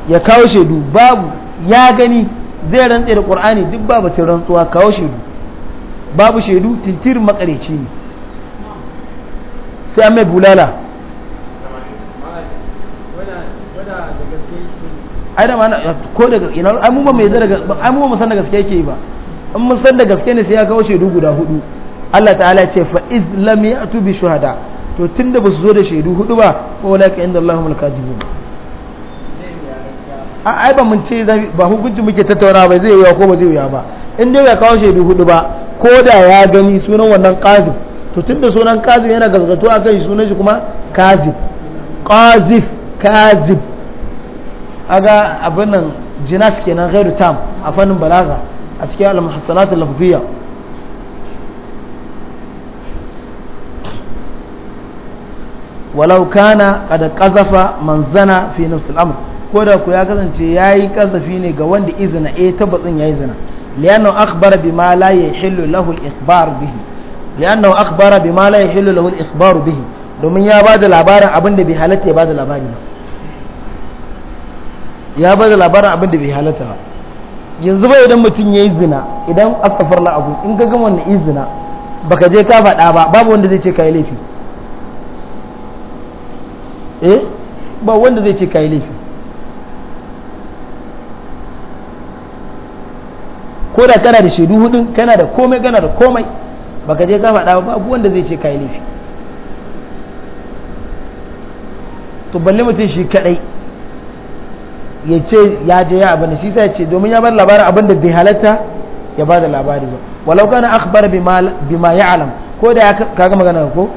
ya kawo shaidu babu ya gani zai rantse da ƙur'ani duk ba batun rantsuwa kawo shaidu babu shaidu tintir makareci ne sai an mai bulala ai da mana ko daga ina amma mai da daga da gaske yake ba in musan da gaske ne sai ya kawo shaidu guda hudu Allah ta'ala ya ce fa iz lam ya'tu bi shuhada to tunda ba su zo da shaidu hudu ba fa wala ka inda Allahumul kadhibun A'a, ai ba mun ce ba hukunci muke tattauna ba zai wuya ko ba zai wuya ba in dai ya kawo shaidu hudu ba ko da ya gani sunan wannan kazib to tunda sunan kazib yana gazgato a kai sunan shi kuma kazib kazif kazib aga abin nan jinaf kenan ghairu tam a fannin balaga a cikin al-muhassanatul lafziyya ولو كان قد قذف من زنى في amr ko da ku ya kasance ya yi kasafi ne ga wanda izina eh tabbatsin ya yi zina liyanna bi ma la yahillu lahu al-ikhbar bihi liyanna bi ma la yahillu lahu al-ikhbar bihi domin ya bada labarin abinda da bai halatta ya bada labari ba ya bada labarin abinda da bai halatta ba yanzu ba idan mutum ya yi zina idan astafar la'abu in ga gama wannan izina baka je ka faɗa ba babu wanda zai ce ka yi laifi eh ba wanda zai ce ka yi laifi ko da kana da shaidu hudu kana da komai kana da komai baka je ka faɗa ba babu wanda zai ce kai laifi to balle mutum shi kadai ya ce ya je ya abin shi sai ya ce domin ya bar labarin abin da bai halatta ya ba da labari ba walau kana akhbar bima alam ko da kaga magana ko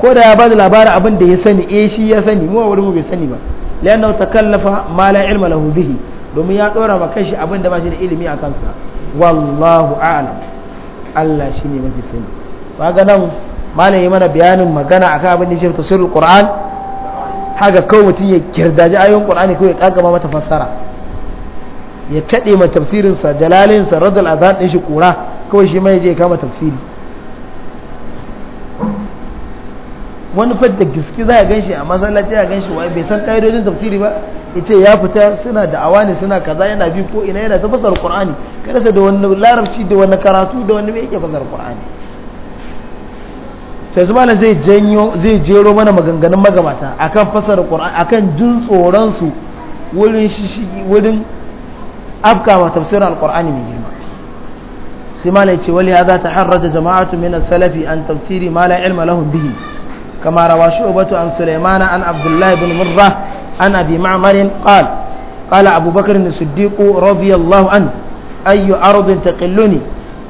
ko da ya ba da labarin abin da ya sani eh shi ya sani mu a wurin mu bai sani ba li'annahu takallafa ma la ilma lahu bihi domin ya ɗora ma kanshi abin da ba shi da ilimi a kansa wallahu a'lam Allah shi ne mafi sani ga nan malam yi mana bayanin magana akan abin da ya shafi tafsirul qur'an haka kawai mutum ya kirdaji ayoyin qur'ani ko ya kagama mata fassara ya kaɗe ma tafsirin sa jalalin sa radal din shi kura kawai shi mai je kama tafsiri wani fadda giski za a ganshi a masallaci a ganshi wai bai san ƙa'idodin tafsiri ba ita ya fita suna da awani suna kaza yana bi ko ina yana tafasar qur'ani kada sa da wani larabci da wani karatu da wani mai yake fasar qur'ani sai zuma malam zai janyo zai jero mana maganganun magabata akan fasar qur'ani akan jin tsoron su wurin afkama wurin afkawa tafsirin alqur'ani mai girma sai malam ya ce wali hadha taharraja jama'atu min as-salafi an tafsiri ma la ilma lahum bihi كما روى شعبة عن سليمان عن عبد الله بن مرة عن أبي معمر قال قال أبو بكر الصديق رضي الله عنه أي أرض تقلني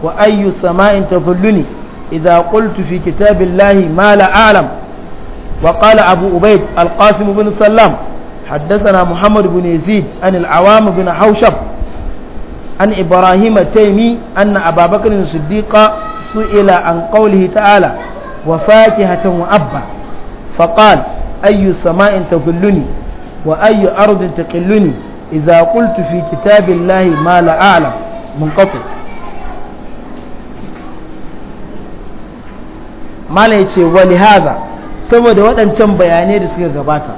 وأي سماء تظلني إذا قلت في كتاب الله ما لا أعلم وقال أبو أبيد القاسم بن سلام حدثنا محمد بن يزيد عن العوام بن حوشب عن إبراهيم التيمي أن أبا بكر الصديق سئل عن قوله تعالى وفاكهة وأبا فقال أي سماء تظلني وأي أرض تقلني إذا قلت في كتاب الله ما لا أعلم منقطع ما لا يتشي ولهذا saboda waɗancan bayanai da suka gabata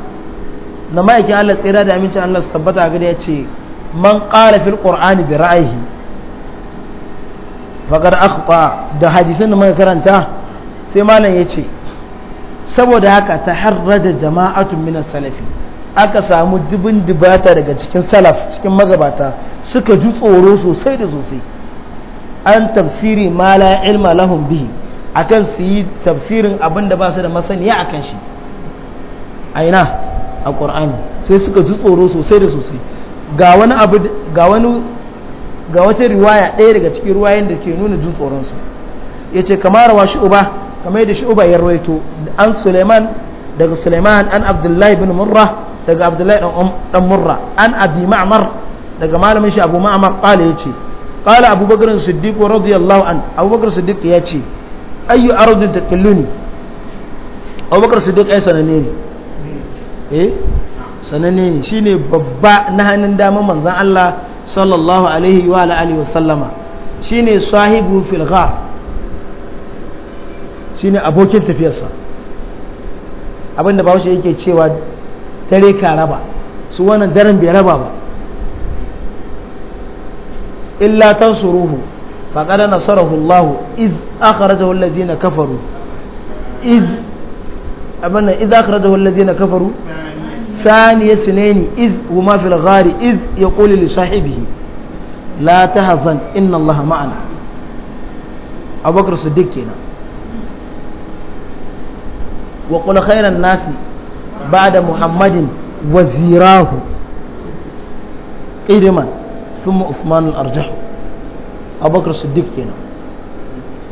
na ma'aikin Allah tsira da amincin Allah su tabbata a gari ya ce man ƙara fil ƙur'ani ra'ayi faƙar akhta da hadisin da muka karanta sai malam ya ce saboda haka ta harrada jama'atun mina salafi aka samu dubin dubata daga cikin salaf cikin magabata suka ji tsoro sosai da sosai an tafsiri ma la ilma lahum bihi akan su yi tafsirin abin da ba su da masaniya a kan shi aina a ƙor'an sai suka ji tsoro sosai da sosai ga wani abu ga wani ga wata riwaya ɗaya daga cikin ruwayen da ke nuna jin tsoronsu ya ce kamar wa shi uba kamar yadda shu'ba ya rawaito an Suleiman daga Suleiman an Abdullahi bin Murra daga Abdullahi dan Murra an Abi Ma'mar daga malamin shi Abu Ma'mar qala yace qala abubakar Bakr Siddiq radiyallahu an abubakar Bakr Siddiq yace ayyu ardun taqilluni Abu Bakr Siddiq ai sananne ne eh sananne ne shine babba na hannun dama manzon Allah sallallahu alaihi wa alihi wa sallama shine sahibu fil ghar shine abokin tafiyarsa abinda bahaushe yake cewa dare ka raba su wannan daren bai raba ba illa tansuruhu faqad nasarahu Allah iz akhrajahu alladhina kafaru iz abanna iz akhrajahu alladhina kafaru ثاني سنين إذ وما في الغار إذ يقول لصاحبه لا تحزن إن الله معنا أبو بكر الصديق كنا wa qul nasi ba'da muhammadin wazirahu qidman thumma usman al-arjah abubakar siddiq kenan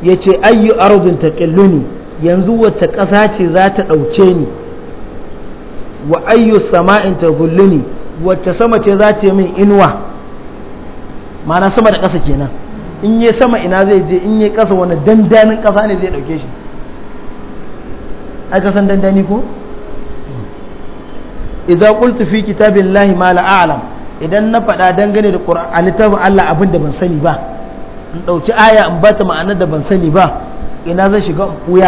yace ayyu ardin taqilluni yanzu wacce ƙasa ce za ta ɗauke ni wa ayyu sama'in tagulluni wacce sama ce za yi min inuwa ma'ana sama da ƙasa kenan in yi sama ina zai je in ƙasa wani dandanin ƙasa ne zai ɗauke shi aka san dandani ko idan qultu fi kitabillahi ma la a'lam idan na faɗa dangane da qur'ani ba Allah abin da ban sani ba in dauki aya in bata ma'anar da ban sani ba ina zan shiga in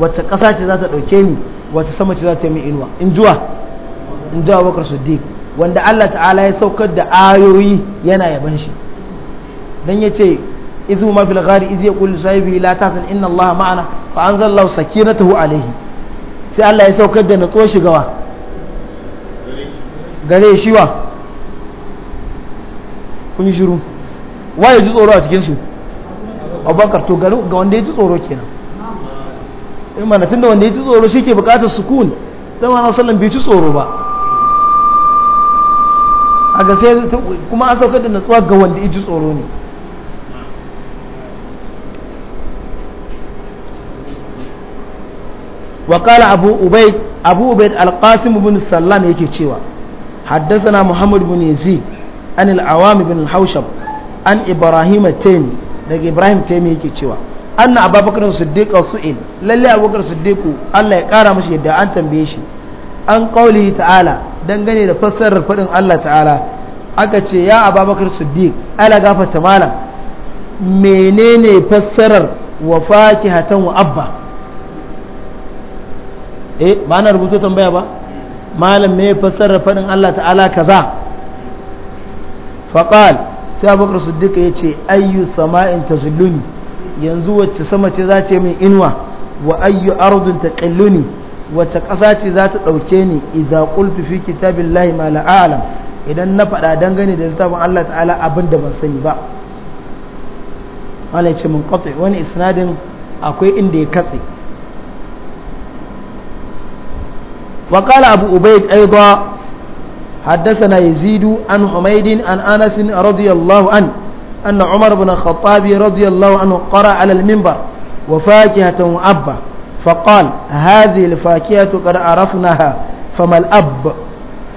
wacce ƙasa ce za ta ɗauke ni wacce sama ce za ta yi min inuwa in juwa in jiwa bakar siddiq wanda Allah ta'ala ya saukar da ayoyi yana yaban shi dan yace izu ma fil ghari iz yaqulu sahibi la tahzan inna Allah ma'ana fa anzalallahu sakinatahu alayhi sai Allah ya saukar da natsuwa shi gawa gare shi wa kun yi shiru wa ya ji tsoro a cikinsu abubakar to ga wanda ya ji tsoro kenan in eh mana tun da wanda ya ji tsoro shi ke bukatar sukun zama na sallan bai ci tsoro ba a ga sai kuma an saukar da natsuwa ga wanda ya ji tsoro ne wa qala abu ubayd abu ubayd al-qasim ibn yake cewa haddathana muhammad bin yazid an al-awam ibn an ibrahim at daga ibrahim taymi yake cewa anna abubakar lallai su'il lalle abubakar Allah ya kara mashi yadda an tambaye shi an qauli ta'ala dangane da fassarar faɗin Allah ta'ala aka ce ya abubakar siddiq ala gafarta malam menene fassarar wa wa abba eh ba na rubuto tambaya ba malam me fassara faɗin Allah ta'ala kaza faqal sai abubakar siddiq ya ce ayyu sama'in tasluni yanzu wacce sama ce za ta yi min inuwa wa ayyu ardun taqilluni wacce ƙasa ce za ta ɗauke ni idza qultu fi kitabillahi ma la a'lam idan na faɗa dangane da littafin Allah ta'ala abin ban sani ba malai ce mun qati wani isnadin akwai inda ya katse وقال أبو أبيد أيضا حدثنا يزيد عن حميد عن أنس رضي الله عنه أن عمر بن الخطاب رضي الله عنه قرأ على المنبر وفاكهة وأبا فقال هذه الفاكهة قد عرفناها فما الأب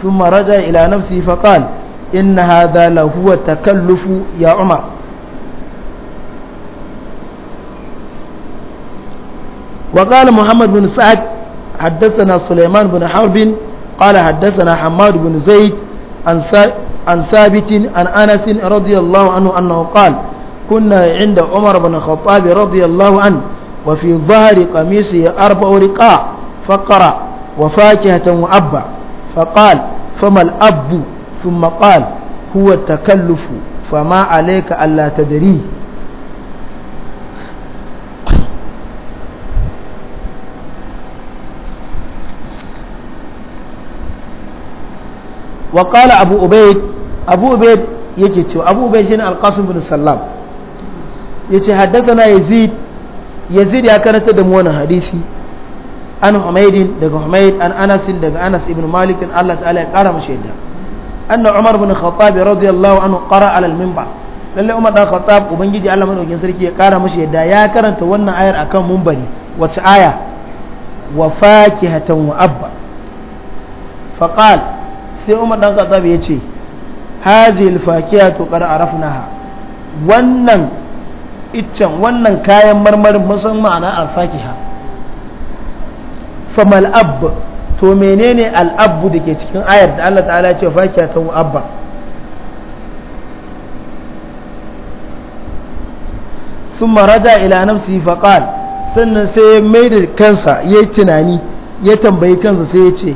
ثم رجع إلى نفسه فقال إن هذا لهو تكلف يا عمر وقال محمد بن سعد حدثنا سليمان بن حرب قال حدثنا حماد بن زيد عن ثابت عن أنس رضي الله عنه أنه قال كنا عند عمر بن الخطاب رضي الله عنه وفي ظهر قميصه أربع رقاع فقرأ وفاكهة وأبا فقال فما الأب ثم قال هو التكلف فما عليك ألا تدريه wa qala abu ubayd abu ubayd yake cewa abu ubayd shine al-qasim bin sallam yace haddathana yazid yazid ya karanta da mu hadisi an humaydin daga humayd an anas daga anas ibn malik Allah ta'ala ya kara mashi yadda anna umar bin lalle umar dan khattab ubangiji Allah madaukin sarki ya kara mashi yadda ya karanta wannan ayar akan mumbari wace aya wa fakihatan wa abba faqal sai umar dan khattab ya ce hazil alfakiya to qad arafnaha wannan iccen wannan kayan marmarin mun san ma'ana alfakiha famal ab to menene al'abu da ke cikin ayar da Allah ta'ala ya ce fakiya ta abba ثم رجع إلى نفسه فقال sannan sai ya mai da kansa ya yi tunani ya tambayi kansa sai ya ce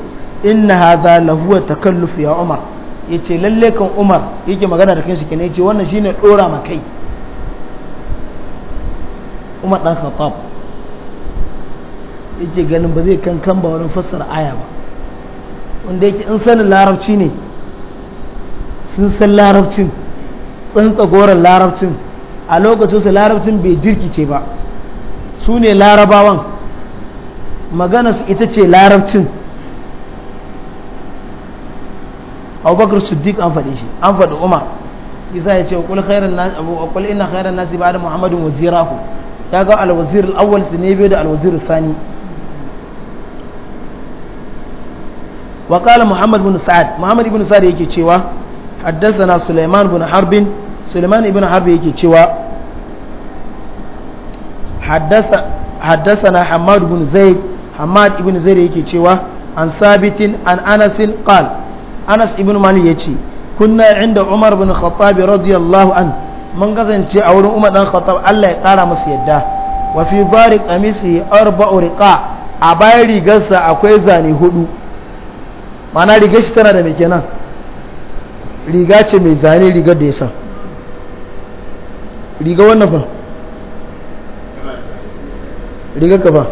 inna hadha lahuwa takalluf ya umar yace lalle kan umar yake magana da kansa kenan yace wannan shine dora ma kai umar dan khattab yace ganin ba zai kankan ba wurin fassara aya ba wanda yake in sanin larabci ne sun san larabcin tsantsagoran larabcin a lokacin su larabcin bai jirkice ba su ne larabawan magana ita ce larabcin abubakar siddiq an faɗi shi an faɗi umar isa ya ce kul khairan nas kul inna khairan nas ba'da muhammadin wazirahu ya ga alwazir al-awwal ne biyu da alwazir sani wa qala muhammad bin sa'ad muhammad ibn sa'ad yake cewa haddathana sulaiman bin harbin sulaiman ibn harbi yake cewa haddatha haddathana hamad bin zaid hamad ibn zaid yake cewa an sabitin an anasin qala anas ibn malik ya ce kunna inda umar bin khattabi radiyallahu an mun kasance a wurin umar dan khattab Allah ya kara masa yadda wa fi bari qamisi arba'u riqa a bayan rigarsa akwai zane hudu ma'ana rigar shi tana da me kenan riga ce mai zane rigar da ya sa riga wannan fa rigar ka ba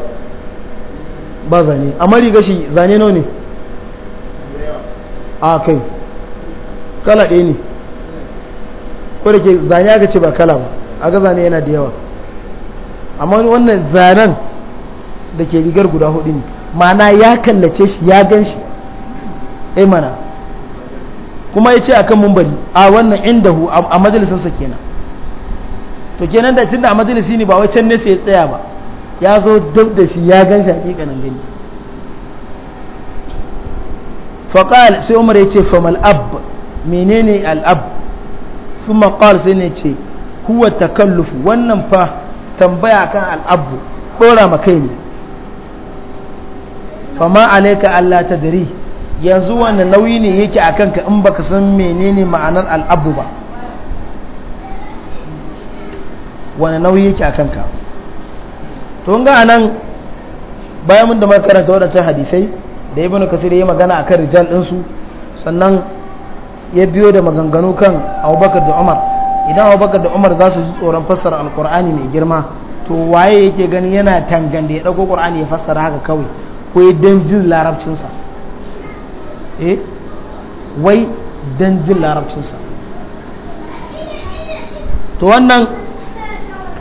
ba zane amma riga shi zane nawa ne a kai kala ɗaya ne ko da ke zane aka ce ba kala ba a ga zane yana da yawa amma wannan zanen da ke rigar guda hudu ne mana ya kallace shi ya gan shi ɗai eh mana kuma ya ce a kan mumbari a wannan inda hu a majalisarsa kenan to kenan da tunda a majalisi ne ba wai nesa ya tsaya ba ya zo dab da shi ya gan shi hakikanin gani faƙal sai umar ya ce famal ab menene al'ab sun maƙal sai ne ce huwa takallufu wannan fa tambaya kan al'abu ɗora ma kai ne fama alaika Allah ta dari yanzu wanda nauyi ne yake a kanka in ba ka san menene ma'anar al'abu ba wanda nauyi yake a kanka to ga anan bayan mun da makaranta waɗancan hadisai da ya ibn kasir ya magana akan rijal ɗinsu sannan ya biyo da maganganu kan abubakar da umar idan abubakar da umar za su ji tsoron fassara alkur'ani mai girma to waye yake gani yana tangan da ya ɗauko ƙur'ani ya fassara haka kawai ko don jin larabcinsa eh wai don jin larabcinsa to wannan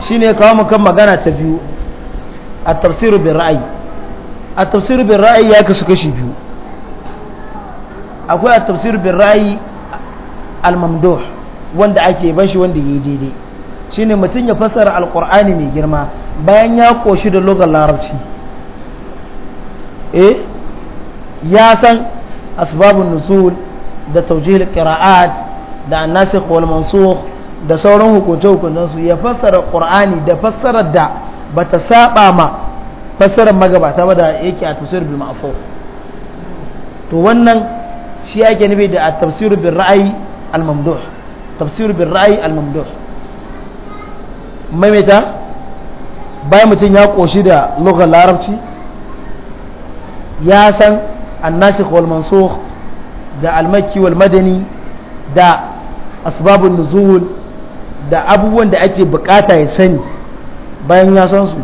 shine kawo mu kan magana ta biyu a tafsiru bin ra'ayi a tafsir bin ra'ayi ya kasu kashi biyu akwai a tafsir bin ra'ayi al-mamduh wanda ake bashi wanda ya yi daidai shine mutum ya fassara alkur'ani mai girma bayan ya koshi da lugar larabci eh ya san asbabun nuzul da taujihil qira'at da annasikh wal mansukh da sauran hukunce hukuncen su ya fassara qur'ani da fassarar da bata saba ma fassarar magabata ba da yake a tafsir bi ma'fur to wannan shi ake nufi da tafsir bil ra'ayi al mamduh tafsir bil ra'ayi al mamduh maimaita bayan mutum ya koshi da lugar larabci ya san annasikh wal mansukh da almakki wal madani da asbabun nuzul da abubuwan da ake bukata ya sani bayan ya san su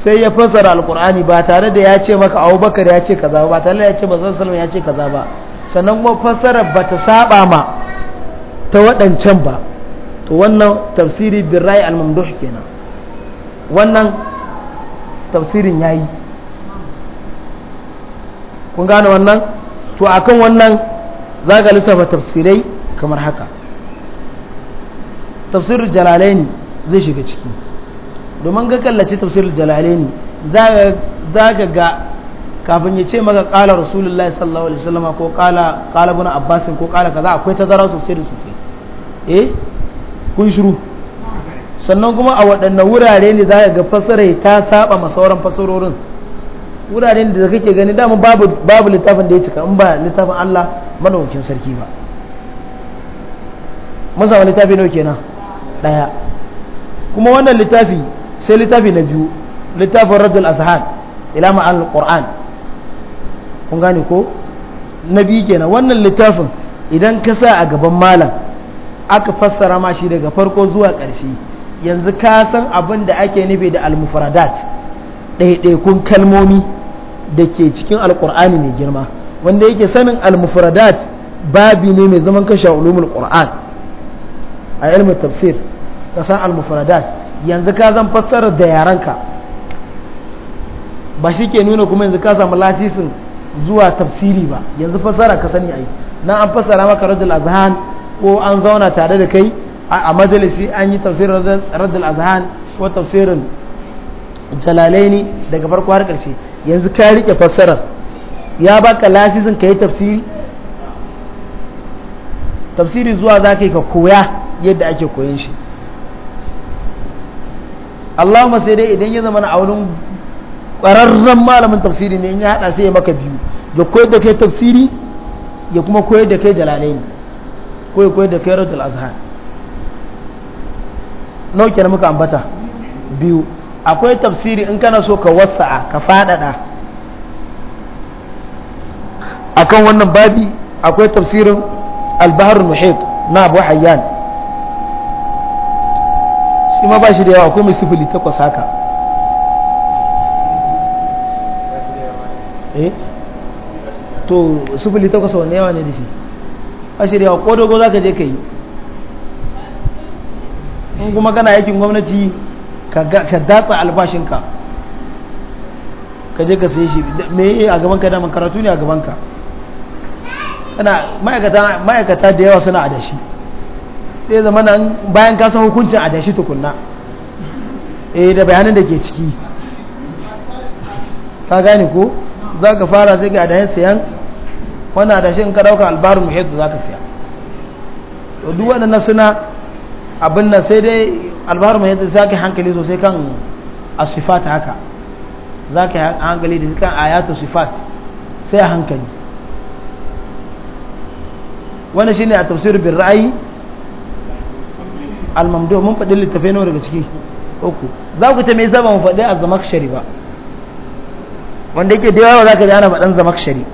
sai ya fassara alkur'ani ba tare da ya ce maka abubakar ya ce kaza ba tare da ya ce mazan salama ya ce kaza ba sannan kuma fassara ba ta saba ma ta waɗancan ba to wannan tafsiri bin rai al-mamduh kenan wannan tafsirin yayi kun gane wannan to akan wannan za ka lissafa tafsirai kamar haka tafsirin jalalaini zai shiga ciki domin ga kallace tafsir jalalaini za ka ga kafin ya ce maka kala rasulullahi sallallahu alaihi wasallam ko kala kala bin abbasin ko kala kaza akwai tazara sosai da sosai eh kun shiru sannan kuma a waɗannan wurare ne za ka ga fasarai ta saba ma sauran fasarorin ne da kake gani dama babu babu littafin da ya cika in ba littafin Allah manawakin sarki ba masa wani littafi nawa kenan daya kuma wannan littafi sai littafi na biyu littafin radul azhan ilama ma'an alquran kun gane ko na biyu kenan wannan littafin idan ka sa a gaban malam aka fassara ma shi daga farko zuwa ƙarshe yanzu ka san abin da ake nufi da almufradat ɗaiɗaikun kalmomi da ke cikin alƙur'ani mai girma wanda yake sanin almufradat babi ne mai zaman kashe ulumul qur'an a ilmin tafsir ka san almufradat yanzu ka zan fassarar da yarenka ba shi ke nuna kuma yanzu ka samu lasisin zuwa tafsiri ba yanzu fassara ka sani ai na an fassara maka radul azhan ko an zauna tare da kai a majalisi an yi tafsirin radul azhan ko tafsirin jalalaini daga farko har karshe yanzu ka rike fassarar ya baka lasisin ka yi tafsiri tafsiri zuwa za ka ka koya yadda ake koyan shi Allahumma sai dai idan ya zama na aunin ƙwararren malamin tafsiri ne in ya haɗa sai ya maka biyu ya koyar da kai tafsiri ya kuma koyar da kai ne ko ya koyar da kai rajul azhar nauke kenan muka ambata biyu akwai tafsiri in kana so ka wasa'a ka faɗaɗa akan wannan babi akwai tafsirin albahar muhit na abu hayyan shi ma ba shi da yawa ko mai sifili takwas haka eh to sifili takwas wani yawa ne da shi ba shi da yawa ko dogo za ka je ka yi in kuma kana aikin gwamnati ka datsa albashinka ka je ka sai shi me a gaban ka daman karatu ne a gaban ka ma'aikata da yawa suna adashi sai zama nan bayan ka san hukuncin a dashi tukunna eh da bayanan da ke ciki ta gane ko za ka fara sai ga adayin sayan wani adashin ka dauka albarin muhaitu za ka siya to duk wani suna abin nan sai dai albarin muhaitu za ka hankali sosai kan asifat haka za ka hankali da kan ayatu sifat sai a hankali wani shine a tafsir bin ra'ayi al-mamdu mun faɗi littafai nawa daga ciki uku za ku ce me yasa ba mu faɗi az-zamakhshari ba wanda yake da yawa zaka ji ana faɗan zamakshari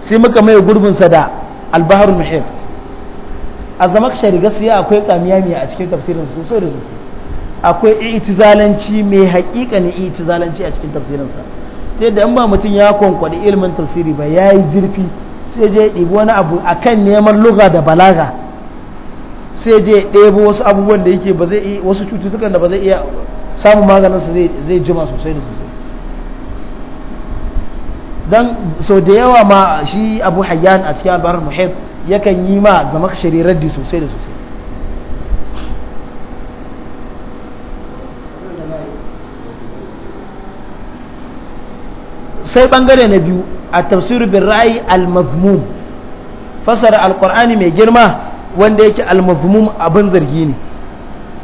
sai muka mai gurbin sa da al-bahr muhit az-zamakhshari gaskiya akwai kamiya a cikin tafsirin su sosai da sosai akwai itizalanci mai haƙiƙanin itizalanci a cikin tafsirin sa ta yadda an ba mutum ya kwankwadi ilimin tafsiri ba ya yi zurfi sai je ya ɗibi wani abu akan neman lugha da balaga sai je ɗebo wasu abubuwan da yake ba zai iya wasu cututtukan da ba zai iya samun maganin su zai jima sosai da sosai dan sau da yawa ma shi abu hayyan a cikin albarar muhit yakan yi ma zama shari raddi sosai da sosai sai bangare na biyu a tafsiru bin ra'ayi al-mazmum fasara alkur'ani mai girma wanda yake almafhumum abin zargi ne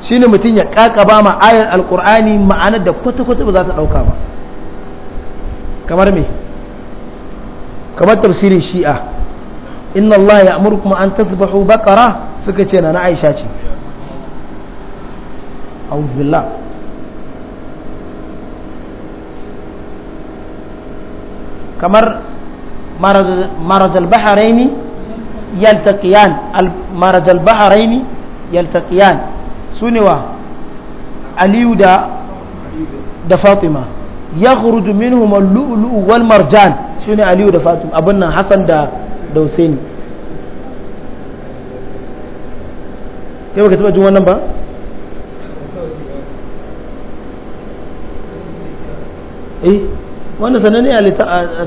shine mutum ya kakaba ma ayan alqur'ani ma'anar da kwata-kwata ba za ta dauka ba kamar me kamar tafsirin shi'a inna Allah ya amurkum an tasbahu baqara suka ce na na Aisha ce kamar marad al-bahraini yaltaqiyan Marajal al-bahraini yaltaqiyan sune wa aliyu da da fatima yakhruju minhum al-lu'lu' wal marjan aliyu da fatima abin hasan da da husaini kai baka taba jin wannan ba eh wannan sananne a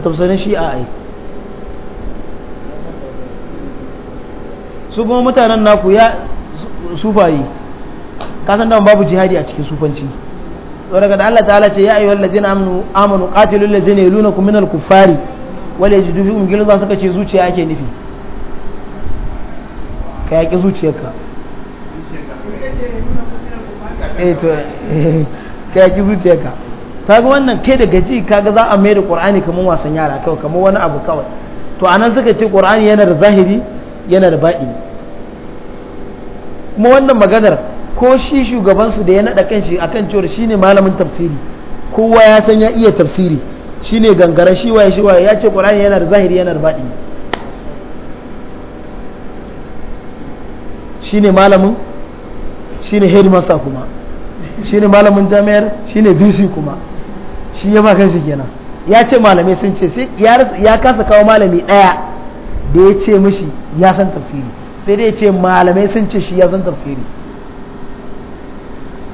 tafsirin shi'a ai su kuma mutanen naku ya sufayi kasan da babu jihadi a cikin sufanci to daga da Allah ta'ala ce ya ayyuhal ladina amanu amanu qatilul ladina yalunakum minal kuffari wal yajidu bihum ghilza suka ce zuciya ake nufi ka yaki zuciyarka eh to ka yaki zuciyarka ga wannan kai da gaji kaga za a mai da qur'ani kamar wasan yara kawai kamar wani abu kawai to anan suka ce qur'ani yana da zahiri yana da baɗi kuma wannan maganar ko shi shugabansu da ya naɗa kan shi kan cewar shi ne malamin tafsiri kowa ya san ya iya tafsiri shi ne gangaren shi waye shi waye ya ce ƙur'ani yana da zahiri yana da baɗi shi ne malamin shi ne headmaster kuma shi ne malamin jami'ar shi ne dc kuma shi ya ma kansa kenan ya ce malamai sun ce sai ya kasa kawo malami ɗaya da ya ce mishi ya san tafsiri sai dai ya ce malamai sun ce shi ya san tafsiri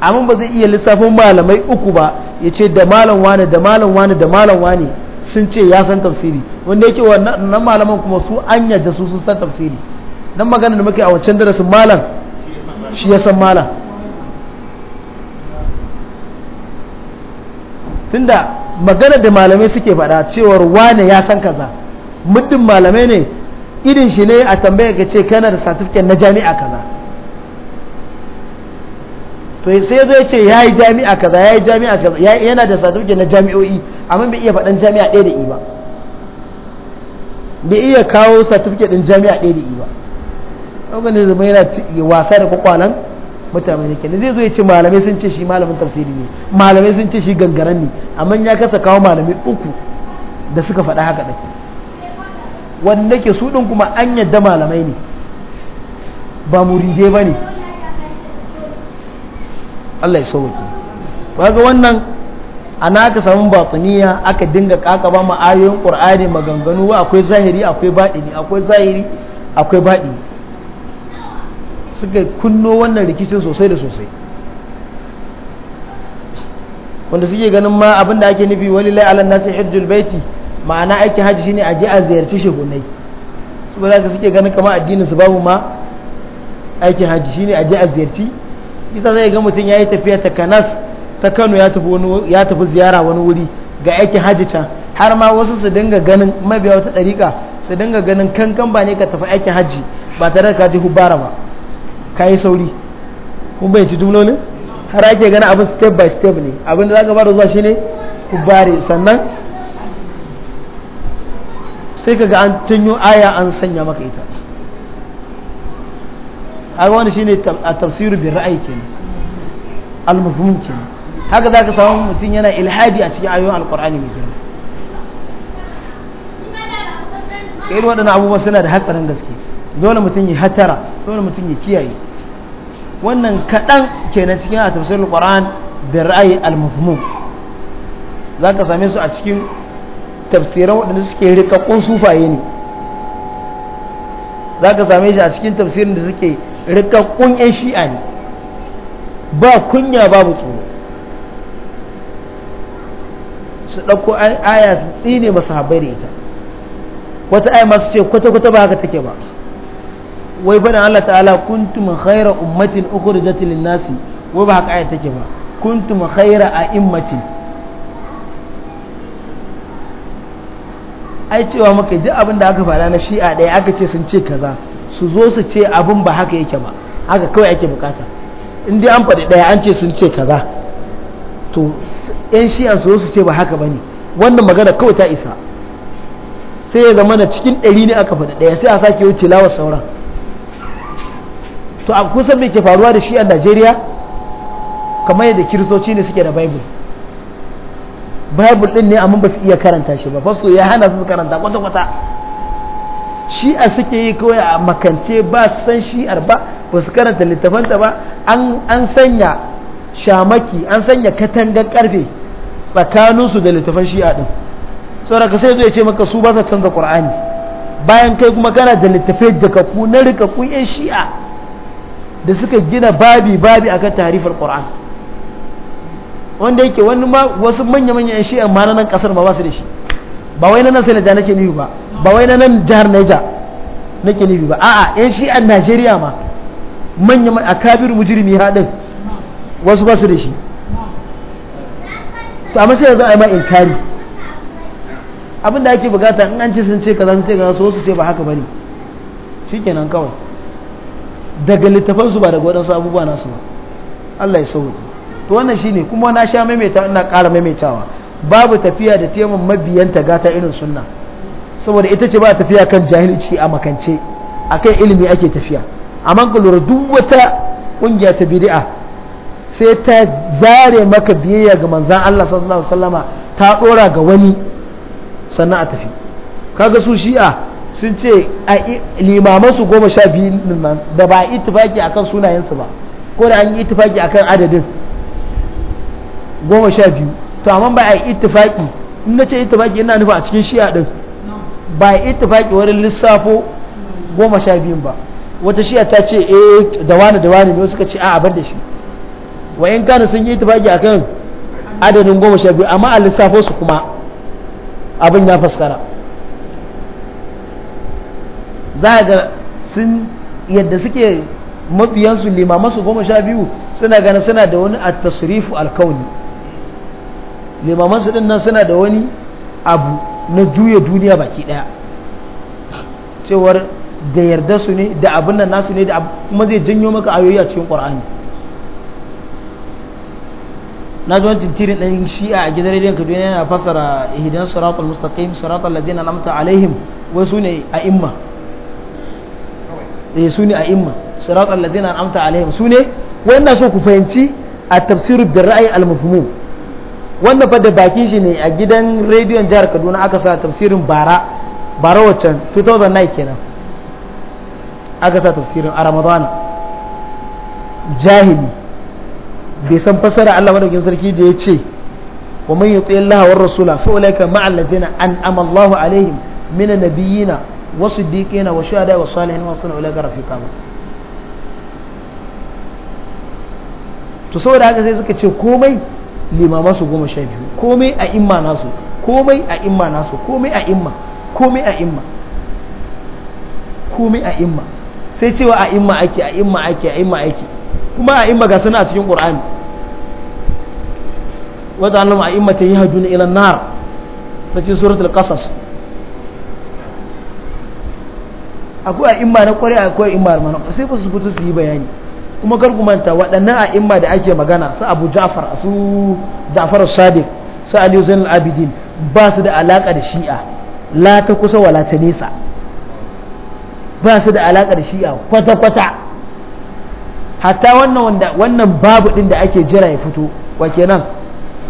amma ba zai iya lissafin malamai uku ba ya ce da malam wani da malam wani da malam wani sun ce ya san tafsiri wanda yake wannan malaman kuma su an yadda su sun san tafsiri nan magana da muke a wancan darasin malam shi ya san malam tunda magana da malamai suke faɗa cewar wane ya san kaza muddin malamai ne irin shi ne a tambaya ka ce kana da certificate na jami'a kaza to sai ya zo ya ce ya yi jami'a kaza ya yi jami'a kaza yana da certificate na jami'o'i amma bai iya faɗan jami'a ɗaya da i ba bai iya kawo certificate ɗin jami'a ɗaya da i ba ɗaukan da zama yana wasa da kwakwalan mutane ne kenan zai zo ya ce malamai sun ce shi malamin tafsiri ne malamai sun ce shi gangaren ne amma ya kasa kawo malamai uku da suka faɗa haka ɗin wanda ke su ɗin kuma an yadda malamai ne ba muridai ba ne Allah ya ba ga wannan ana aka samu batuniya aka dinga kaka ba ma'ayoyin ƙur'ani qur'ani maganganu akwai zahiri akwai baɗini akwai zahiri akwai baɗini suka kunno wannan rikicin sosai da sosai wanda suke ganin ma abin da ake nufi wani lai alan nasi hajjul baiti ma'ana aikin hajji shine a je a ziyarci shugunai su ba za ka suke ganin kamar addinin su babu ma aikin hajji shine a je a ziyarci ita zai ga mutum yayi tafiya ta kanas ta kano ya tafi ziyara wani wuri ga aikin hajji can har ma wasu su dinga ganin mabiya wata dariƙa su dinga ganin kankan ba ne ka tafi aikin hajji ba tare da ka je hubara ba kai sauri kun bayyanci jumlolin har ake ganin abin step by step ne abin da zaka ka zuwa shine hubari sannan sai kaga an tunyo aya an sanya maka ita haka wani shine a tafsiru bi ra'ayi kenan al-mafhum kenan haka za ka samu mutum yana ilhadi a cikin ayoyin al-qur'ani mai girma irin waɗannan abubuwa suna da hatsarin gaske dole mutum ya hatara dole mutum ya kiyaye wannan kaɗan kenan cikin a tafsirin al-qur'an bi ra'ayi al za zaka same su a cikin tafsiran waɗanda suke rikakkun sufaye ne za ka same shi a cikin tafsirin da suke rikakkun 'yan shi'a ne ba kunya babu tsoro su ɗauko aya su tsine masu habai da ita wata aya masu ce kwata-kwata ba haka take ba wai bana Allah ta'ala kuntum khaira ummatin ukhrijat lin nasi wai ba haka aya take ba kuntum khaira a'immatin ai cewa maka duk abin da aka faɗa na shi'a ɗaya aka ce sun ce kaza su zo su ce abin ba haka yake ba haka kawai ake bukata in dai an faɗi ɗaya an ce sun ce kaza to yan shi'an su zo su ce ba haka ba ne wannan magana kawai ta isa sai ya zama na cikin ɗari ne aka faɗi ɗaya sai a sake wuce lawa sauran to a kusan me ke faruwa da shi najeriya kamar yadda kiristoci ne suke da bible bible din ne amma ba su iya karanta shi ba fasto ya hana su karanta kwata kwata shi'a suke yi kawai a makance ba su san shi'ar ba ba su karanta littafanta ba an sanya shamaki an sanya katangar karfe tsakaninsu da littafan shi'a din sauraka sai zo ya ce maka su ba sa canza qur'ani bayan kai kuma kana da littafai da kaku na rikaku yan shi'a da suka gina babi babi akan tarifar ƙur'ani wanda yake wani wasu manya-manya yan shi'an ma na nan kasar ba su da shi ba wai na nan sanaja nake nibi ba ba wai na nan jihar naija nake nibi ba a'a yan a najeriya ma manya a kabir mujirmi haɗin wasu ba su da shi to amma sai yanzu a yi ma inkari abinda ake bukata in an ce sun ce kaza sun ce kaza so su ce ba haka bane shikenan kawai daga littafansu ba daga waɗansu abubuwa nasu ba Allah ya sauke to wannan shine kuma na sha maimaita ina ƙara maimaitawa babu tafiya da mabiyan ta gata irin sunna saboda ita ce ba tafiya kan jahilci a makance akan ilimi ake tafiya amma ka lura duk wata ƙungiya ta bid'a sai ta zare maka biyayya ga manzan Allah sallallahu alaihi wasallama ta dora ga wani sannan a tafi kaga su shi'a sun ce a limaman su goma sha biyu nan da ba a ittifaki akan sunayensu ba ko da an yi ittifaki akan adadin goma sha biyu to amma ba a yi ittifaki in na ce ittifaki ina nufa a cikin shiya din ba a yi ittifaki wurin lissafo goma sha biyun ba wata shiya ta ce eh da wani da wani ne suka ce a abar da shi wa in kana sun yi ittifaki akan adadin goma sha biyu amma a lissafo su kuma abin ya faskara za ga sun yadda suke mabiyansu limamansu goma sha biyu suna gana suna da wani a tasrifu alkauni limamansu su din nan suna da wani abu na juya duniya baki daya cewar da yarda su ne da abin nan nasu ne da kuma zai janyo maka ayoyi a cikin ƙwar'ani na ji wani tintirin ɗan shi'a a gidan rediyon kaduna yana fassara ihidan siratul mustaqim siratul ladina namta alaihim wai su ne a imma da eh, su ne a imma siratul ladina namta alaihim su ne wai ina so ku fahimci a tafsirin ra'ayi al mufmum wanda fa da bakin shi ne a gidan rediyon jihar kaduna aka sa tafsirin bara bara waccan 2009 kenan aka sa tafsirin a ramadana jahili bai san fasara allah madaukin sarki da ya ce wa man yuti allaha war rasula fa ulaika ma'a alladhina an allahu alaihim min nabiyina wa siddiqina wa shuhada wa salihin wa sunna ulaika rafiqa to saboda haka sai suka ce komai limama su goma sha biyu komai a imma nasu komai a imma nasu komai a imma komai a imma komai a imma sai cewa a imma ake a imma ake a imma ake kuma a imma ga suna a cikin ƙur'ani wata alama a imma ta yi na ilan nar ta ce suratul qasas akwai a imma na kwarai akwai imma na sai ba su fito su yi bayani kuma gargumanta waɗannan imma da ake magana su abu ja'far su ja'far sadiq su aliyu zainul abidin ba su da alaka da shi'a la ta kusa wa la ta nesa ba su da alaka da shi'a kwata-kwata hatta wannan wanda wannan babu din da ake jira ya fito wa kenan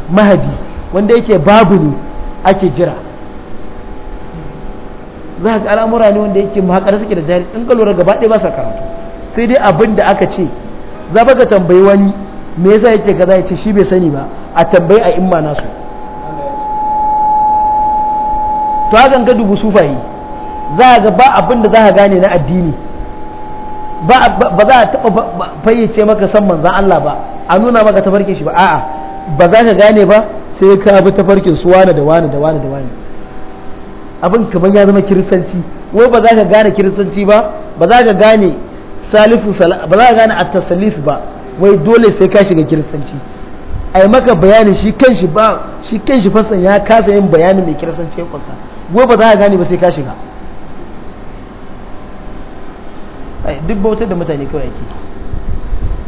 mahadi wanda yake babu ne ake jira za ka al'amura ne wanda yake mahakar suke da jari in ka lura gaba ɗaya ba sa karatu sai dai abin da aka ce za ka tambayi wani me yasa yake kaza ya ce shi bai sani ba a tambayi a imma nasu to hakan ganga dubu sufayi za ga ba abin da za ka gane na addini ba za a taɓa fayyace maka san manzan Allah ba a nuna maka tafarkin shi ba a'a ba za ka gane ba sai ka bi tafarkin su wane da wane da wane da wane abin kamar ya zama kiristanci wai ba za ka gane kiristanci ba ba za ka gane salisu ba za ka gane a tasalis ba wai dole sai ka shiga kiristanci yi maka bayani shi kan shi ba shi kan shi fasan ya kasa yin bayani mai kiristanci ya kusa wai ba za ka gane ba sai ka shiga duk bautar da mutane kawai ake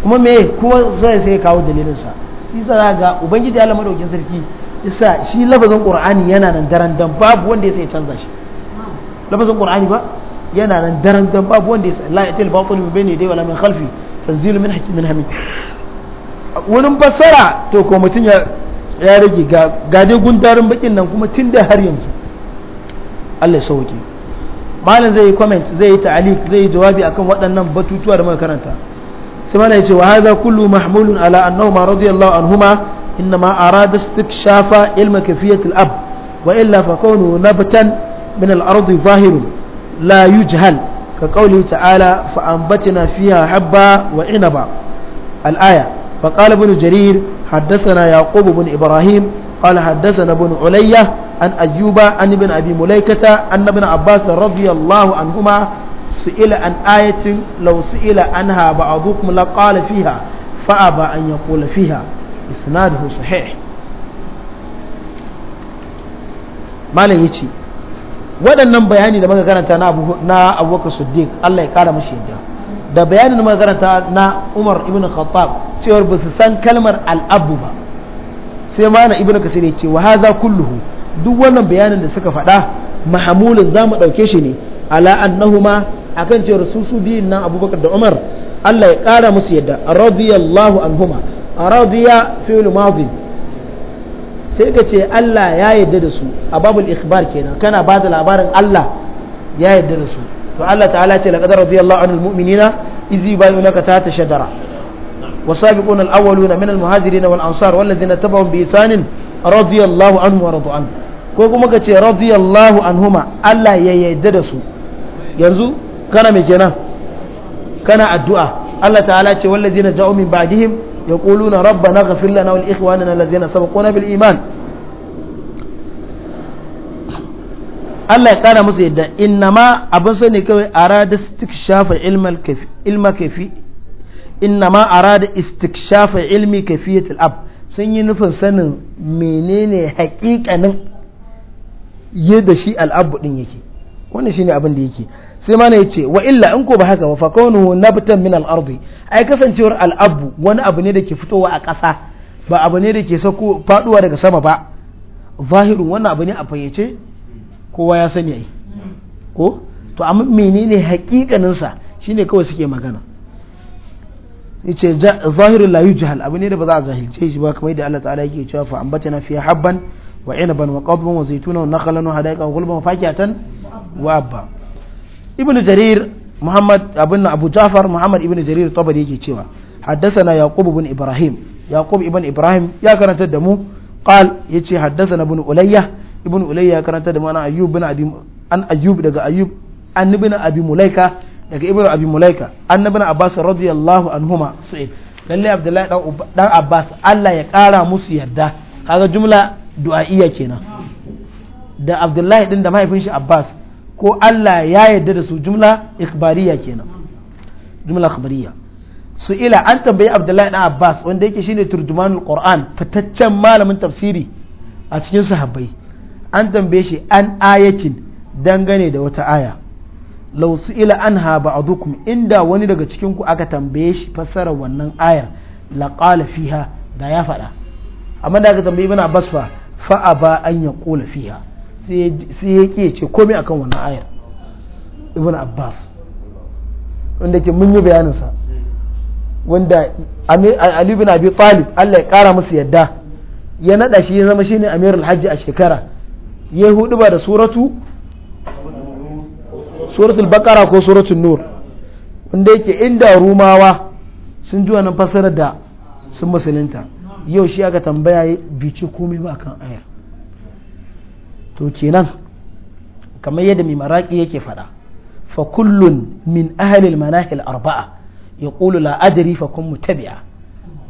kuma me kuma sai sai kawo dalilin sa shi sa ga ubangiji Allah madaukin sarki isa shi lafazin qur'ani yana nan daren dan babu wanda ya sai canza shi lafazin qur'ani ba yana nan daren dan babu wanda ya la yatil batil min ne dai wala min khalfi tanzilu min min hamid wurin fassara to ko mutum ya ya rage ga dai gundarin bakin nan kuma tun da har yanzu Allah ya sauke malam zai yi comment zai yi ta'alik zai yi jawabi akan waɗannan batutuwa da muka karanta sai mana ce wa haza kullu mahmulun ala annahu ma radiyallahu anhuma inma arada istikshafa ilma fiye ab wa illa fa kawnu nabatan min al-ard zahirun la yujhal ka kauli ta'ala fa ambatina fiha habba wa inaba al-aya fa qala ibn jarir haddathana yaqub ibn ibrahim قال حدثنا ابن علية عن أيوب عن ابن أبي مليكة أن ابن عباس رضي الله عنهما سئل عن آية لو سئل عنها بعضكم لقال فيها فأبى أن يقول فيها إسناده صحيح ما لا يجي waɗannan bayani da muka karanta na abubakar siddiq allah ya kara mashi yadda da bayanin da muka karanta na umar ibn khattab cewar ba su san kalmar al'abu ba sai mana ibn kasir ya ce wa haza kulluhu duk wannan bayanin da suka faɗa mahamulin za mu ɗauke shi ne ala annahuma akan cewar su su biyun nan abubakar da umar allah ya kara musu yadda radiyallahu anhuma radiya fi'l madin sai ka ce Allah ya yarda da su a babul ikhbar kenan kana ba da labarin Allah ya yarda da su to Allah ta'ala ce laqad radiyallahu anil mu'minina idh yubayyinuka tahta shajara والسابقون الأولون من المهاجرين والأنصار والذين تبعهم بإحسان رضي الله عنهم ورضوا عنه ko kuma ka ce radiyallahu anhuma Allah ya yarda da su yanzu kana mai kenan kana addu'a Allah ta'ala ce wallazina ja'u min ba'dihim ya na يقولون ربنا اغفر لنا ولإخواننا الذين سبقونا iman. Allah ya kara musu yadda innama abin sani kawai arada istikshafa ilma kafi innama arada istikshafa ilmi kafiyatul ab sun yi nufin sanin menene hakikanin yadda shi al'abu din yake wannan shine abin da yake sai mana ya ce wa illa in ko ba haka ba fakonu nabtan min al-ardi ai kasancewar al'abu wani abu ne da ke fitowa a ƙasa ba abu ne da ke sako faduwa daga sama ba zahirun wannan abu ne a fayyace kowa ya sani ai ko to amma menene hakikanin sa shine kawai suke magana yace zahirun la yujhal abu ne da ba za a jahilce shi ba kamar yadda Allah ta'ala yake cewa fa ambatana fi habban wa inaban wa qadban wa zaytuna wa nakhlan wa hadaiqa wa gulban wa fakiyatan wa abba ibnu jarir muhammad abin abu jafar muhammad ibnu jarir tabari yake cewa haddathana yaqub ibn ibrahim yaqub ibn ibrahim ya karanta da mu qal yace haddathana ibn ulayya ibn ulayya ya karanta da mu ana ayyub ibn abi an ayyub daga ayyub an ibn abi mulaika daga ibnu abi mulaika annabina abbas radiyallahu anhuma sa'id lalle abdullahi dan abbas Allah ya kara musu yarda kaga jumla iya kenan da abdullahi din da mahaifin shi abbas ko Allah ya yarda da su jumla ikhbariya kenan jumla ikhbariya su ila an tambayi Abdullahi ibn Abbas wanda yake shine turjumanul Qur'an fitaccen malamin tafsiri a cikin sahabbai an tambaye shi an ayatin dangane da wata aya law su ila anha ba'dukum inda wani daga cikin ku aka tambaye shi fassara wannan ayar qala fiha da ya faɗa amma da aka tambayi Ibn Abbas fa fa aba an yaqula fiha sai ya ke ce komai akan wannan ayar ibn abbas wanda ke mun bayaninsa wanda ali bin abi talib allah ya kara musu yadda ya nada shi ya zama shine amirul hajji a shekara ya hudu ba da suratu suratul bakara ko suratul nur wanda yake inda rumawa sun ji wani fasarar da sun musulunta yau shi aka tambaya bici komai ba kan ayar to kenan kamar yadda mai maraƙi yake faɗa fa kullun min ahalil manahil arba'a ya ƙulu la'adari fa kun mutabi'a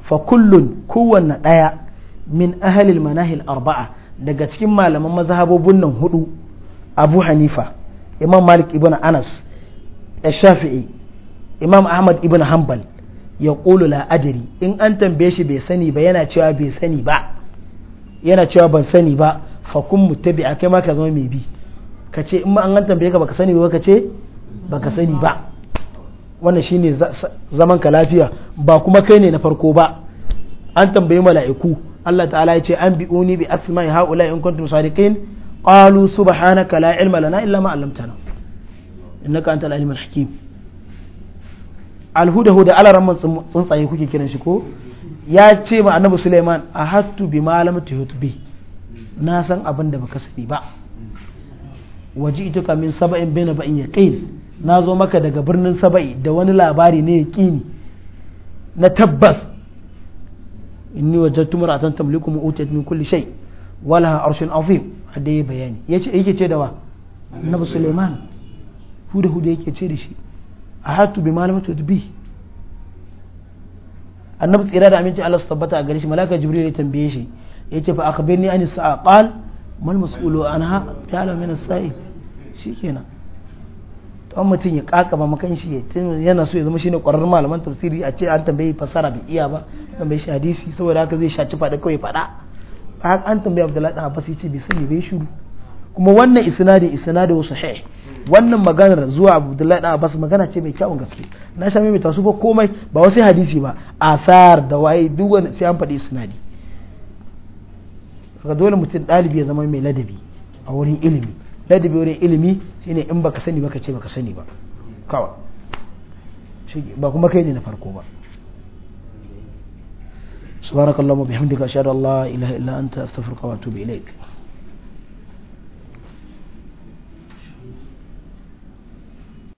fa kullun kowanne ɗaya min ahalil manahil arba'a daga cikin malaman mazhabobin nan hudu abu hanifa imam malik ibn anas shafi'i imam ahmad ibn hanbal ya ƙulu la'adari in an tambaye shi bai sani ba yana cewa bai sani ba yana cewa ban sani ba fa kun a kai ma ka zama mai bi ka ce in ma an an tambaye ka baka sani ba ka ce baka sani ba wannan shine zaman ka lafiya ba kuma kai ne na farko ba an tambayi mala'iku Allah ta'ala ya ce an bi'uni bi asma'i haula in kuntum sadiqin qalu subhanaka la ilma lana illa ma 'allamtana innaka antal al hakim alhuda huda ramman tsuntsaye kuke kiran shi ko ya ce ma annabi Sulaiman ahattu bi ma lam tuhit bi na san abin da baka sani ba waji ita kamin saba'in bai na ba'in ya na zo maka daga birnin saba'i da wani labari ne ya ƙini na tabbas inni wajen tumar a tantam mu utat min kulli shay wala arshin azim hadda ya bayani ce yake ce da wa annabi suleiman huda huda yake ce da shi a hatu bi malamatu bi annabi tsira da aminci Allah su tabbata a gare shi malaka jibril ya tambaye shi yace fa ni an sa'a qal mal mas'ulu anha ya'lamu min as sa'i shikenan to an mutum ya kakaba makan shi yana so ya zama shine kwararren malaman tafsiri a ce an tambaye fasara bai iya ba tambaye shi hadisi saboda haka zai shaci fada kawai fada an tambaye Abdullahi dan Abbas yace bai sani bai shiru kuma wannan isnadi isnadu sahih wannan maganar zuwa abdullahi dan abbas magana ce mai kyawun gaske na sha mai tasu ba komai ba wasu hadisi ba asar da waye duk wani sai an faɗi isnadi saka dole mutum ɗalibi ya zama mai ladabi a wurin ilimi ladabi wurin ilimi shine in baka sani baka ce baka sani ba kawai ba kuma kai ne na farko ba سبحانك اللهم وبحمدك أشهد أن لا إله إلا أنت أستغفرك وأتوب إليك